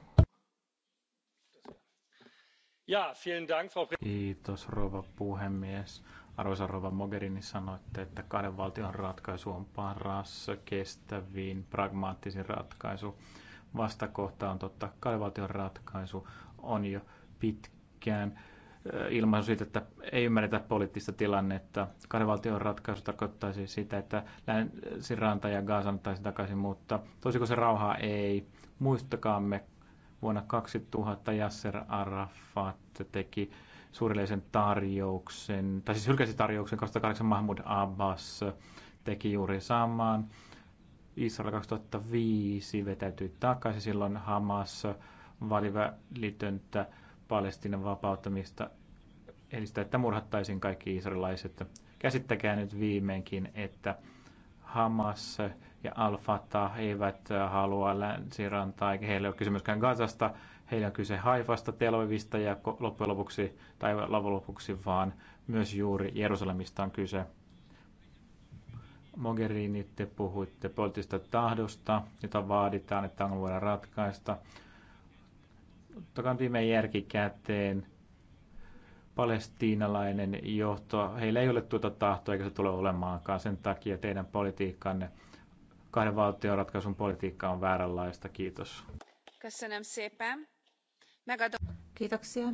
Kiitos rouva puhemies. Arvoisa rouva Mogherini, sanoitte, että kahden valtion ratkaisu on paras, kestävin, pragmaattisin ratkaisu. Vastakohta on totta, kahden valtion ratkaisu on jo pitkään ilmaisu siitä, että ei ymmärretä poliittista tilannetta. Kahden ratkaisu tarkoittaisi sitä, että länsiranta ja Gaza antaisi takaisin, mutta toisiko se rauhaa ei. Muistakaamme vuonna 2000 Yasser Arafat teki suurilleisen tarjouksen, tai siis hylkäsi tarjouksen 2008 Mahmoud Abbas teki juuri samaan. Israel 2005 vetäytyi takaisin, silloin Hamas valivälitöntä Palestinan vapauttamista, eli sitä, että murhattaisiin kaikki israelaiset. Käsittäkää nyt viimeinkin, että Hamas ja Al-Fatah eivät halua länsirantaa, eikä heillä ole kysymyskään Gazasta, heillä on kyse Haifasta, Tel Avivista ja loppujen lopuksi, tai loppujen lopuksi vaan myös juuri Jerusalemista on kyse. Mogherini, te puhuitte poliittisesta tahdosta, jota vaaditaan, että on voidaan ratkaista ottakaa viime järki käteen. Palestiinalainen johto, heillä ei ole tuota tahtoa eikä se tule olemaankaan. Sen takia teidän politiikkanne, kahden valtion ratkaisun politiikka on vääränlaista. Kiitos. Kiitoksia.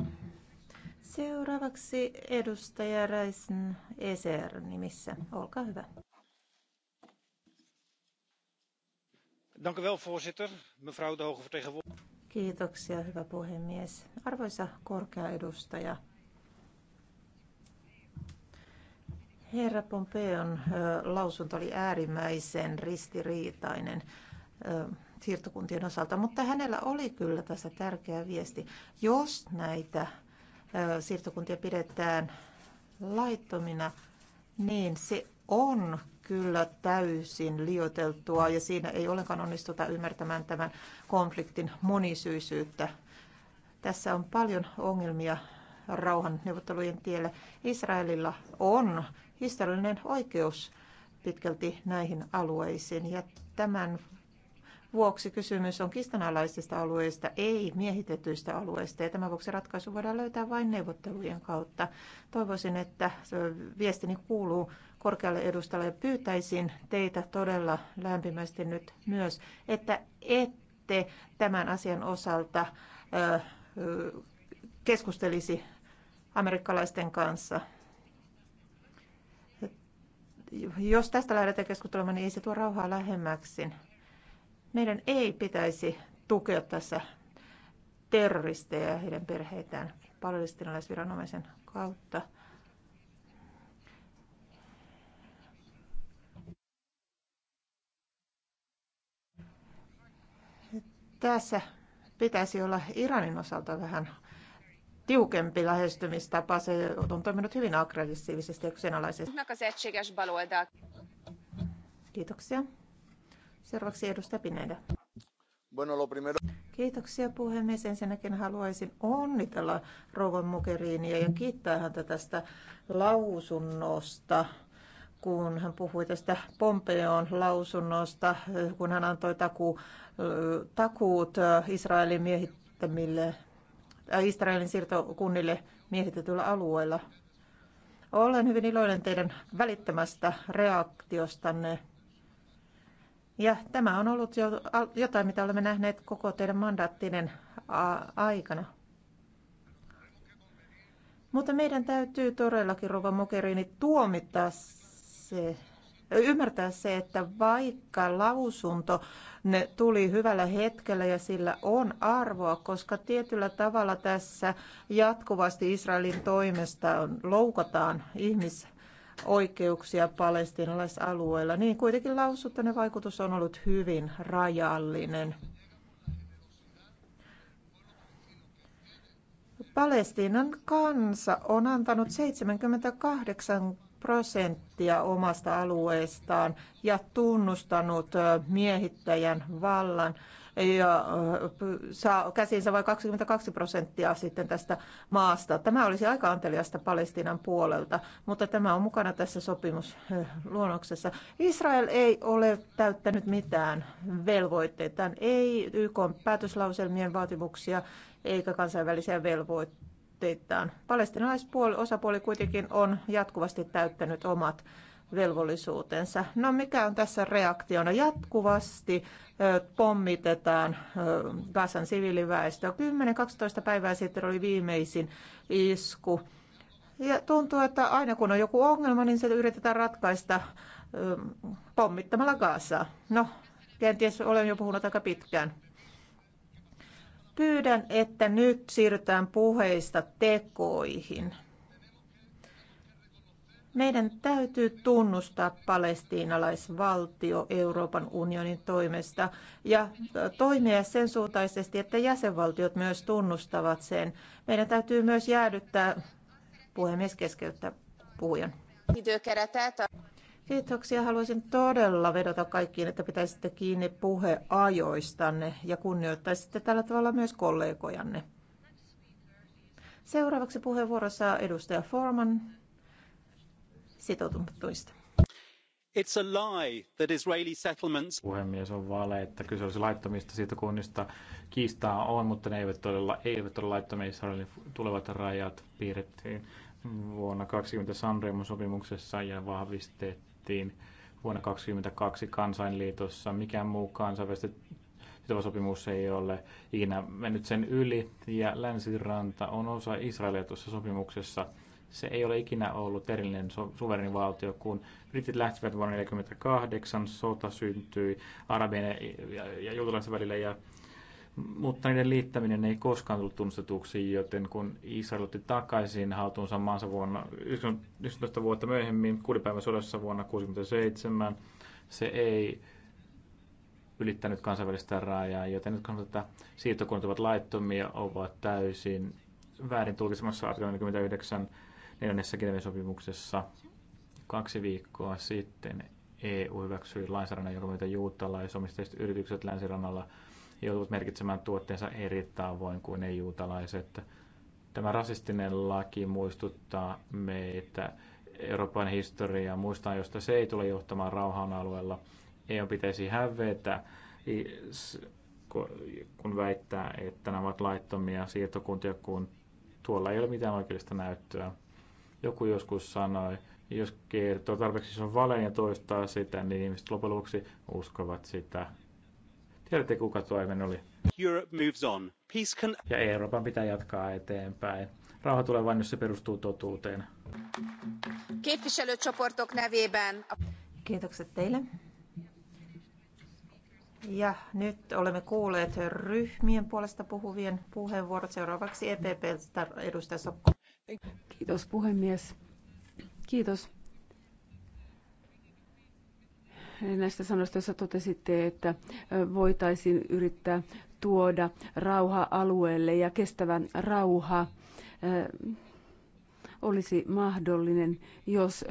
Seuraavaksi edustaja Raisen ECR nimissä. Olkaa hyvä. Dank u wel, voorzitter. Mevrouw de hoge vertegenwoordiger. Kiitoksia, hyvä puhemies. Arvoisa korkea edustaja, Herra Pompeon lausunto oli äärimmäisen ristiriitainen siirtokuntien osalta, mutta hänellä oli kyllä tässä tärkeä viesti. Jos näitä siirtokuntia pidetään laittomina, niin se on kyllä täysin lioteltua ja siinä ei ollenkaan onnistuta ymmärtämään tämän konfliktin monisyisyyttä. Tässä on paljon ongelmia rauhanneuvottelujen tiellä. Israelilla on historiallinen oikeus pitkälti näihin alueisiin ja tämän vuoksi kysymys on kistanalaisista alueista, ei miehitetyistä alueista. Ja tämän vuoksi ratkaisu voidaan löytää vain neuvottelujen kautta. Toivoisin, että viestini kuuluu korkealle edustajalle. Pyytäisin teitä todella lämpimästi nyt myös, että ette tämän asian osalta keskustelisi amerikkalaisten kanssa. Jos tästä lähdetään keskustelemaan, niin ei se tuo rauhaa lähemmäksi. Meidän ei pitäisi tukea tässä terroristeja ja heidän perheitään palestinalaisviranomaisen kautta. Tässä pitäisi olla Iranin osalta vähän tiukempi lähestymistapa. Se on toiminut hyvin aggressiivisesti ja kyseenalaisesti. Kiitoksia. Seuraavaksi edustaja Pineda. Kiitoksia puhemies. Ensinnäkin haluaisin onnitella Rouva Mukeriinia ja kiittää häntä tästä lausunnosta kun hän puhui tästä Pompeon lausunnosta, kun hän antoi taku, takuut Israelin miehittämille, äh, Israelin siirtokunnille miehitetyillä alueilla. Olen hyvin iloinen teidän välittämästä reaktiostanne. Ja tämä on ollut jo, jotain, mitä olemme nähneet koko teidän mandaattinen aikana. Mutta meidän täytyy todellakin, Rova Mogherini, tuomittaa se, ymmärtää se, että vaikka lausunto ne tuli hyvällä hetkellä ja sillä on arvoa, koska tietyllä tavalla tässä jatkuvasti Israelin toimesta on, loukataan ihmisoikeuksia palestinalaisalueilla, niin kuitenkin lausuttainen vaikutus on ollut hyvin rajallinen. Palestiinan kansa on antanut 78 prosenttia omasta alueestaan ja tunnustanut miehittäjän vallan ja saa käsinsä vain 22 prosenttia sitten tästä maasta. Tämä olisi aika anteliasta Palestiinan puolelta, mutta tämä on mukana tässä sopimusluonnoksessa. Israel ei ole täyttänyt mitään velvoitteita, ei YK päätöslauselmien vaatimuksia eikä kansainvälisiä velvoitteita velvoitteitaan. Palestinaispuoli, osapuoli kuitenkin on jatkuvasti täyttänyt omat velvollisuutensa. No mikä on tässä reaktiona? Jatkuvasti pommitetaan Gazan siviiliväestöä. 10-12 päivää sitten oli viimeisin isku. Ja tuntuu, että aina kun on joku ongelma, niin se yritetään ratkaista pommittamalla Gazaa. No, kenties olen jo puhunut aika pitkään. Pyydän, että nyt siirrytään puheista tekoihin. Meidän täytyy tunnustaa palestiinalaisvaltio Euroopan unionin toimesta ja toimia sen suuntaisesti, että jäsenvaltiot myös tunnustavat sen. Meidän täytyy myös jäädyttää, puhemies keskeyttää puhujan. Kiitoksia. Haluaisin todella vedota kaikkiin, että pitäisitte kiinni puheajoistanne ja kunnioittaisitte tällä tavalla myös kollegojanne. Seuraavaksi puheenvuorossa edustaja Forman sitoutumattuista. It's a lie that Israeli settlements... Puhemies on vale, että kyse olisi laittomista kunnista. Kiistaa on, mutta ne eivät todella, eivät ole laittomia. Israelin tulevat rajat piirrettiin vuonna 2020 Sanremon sopimuksessa ja vahvistettiin tehtiin vuonna 2022 Kansainliitossa. Mikään muu kansainvälisesti sitova sopimus ei ole ikinä mennyt sen yli. Ja länsiranta on osa Israelia tuossa sopimuksessa. Se ei ole ikinä ollut erillinen so- suvereni valtio, kun britit lähtivät vuonna 1948, sota syntyi arabien ja, ja, ja juutalaisen välillä ja mutta niiden liittäminen ei koskaan tullut tunnustetuksi, joten kun Israel otti takaisin haltuunsa maansa vuonna 19 vuotta myöhemmin, kuudipäivän sodassa vuonna 1967, se ei ylittänyt kansainvälistä rajaa, joten nyt kun tätä siirtokunnat ovat laittomia, ovat täysin väärin tulkisemassa artikla 49 neljännessä Geneven sopimuksessa kaksi viikkoa sitten EU hyväksyi lainsäädännön, jonka myötä juutalaisomisteiset yritykset länsirannalla – joutuvat merkitsemään tuotteensa eri tavoin kuin ei-juutalaiset. Tämä rasistinen laki muistuttaa meitä Euroopan historiaa muistaa, josta se ei tule johtamaan rauhan alueella. Ei on pitäisi hävetä, kun väittää, että nämä ovat laittomia siirtokuntia, kun tuolla ei ole mitään oikeudellista näyttöä. Joku joskus sanoi, jos kertoo tarpeeksi sun valeen ja toistaa sitä, niin ihmiset lopuksi uskovat sitä. Tiedätte, kuka toimen oli. Europe moves on. Peace can... Ja Euroopan pitää jatkaa eteenpäin. Rauha tulee vain, jos se perustuu totuuteen. Kiitokset teille. Ja nyt olemme kuulleet ryhmien puolesta puhuvien puheenvuorot. Seuraavaksi EPP edustaja Sokko. Kiitos puhemies. Kiitos näistä sanoista, joissa totesitte, että voitaisiin yrittää tuoda rauha alueelle ja kestävä rauha olisi mahdollinen, jos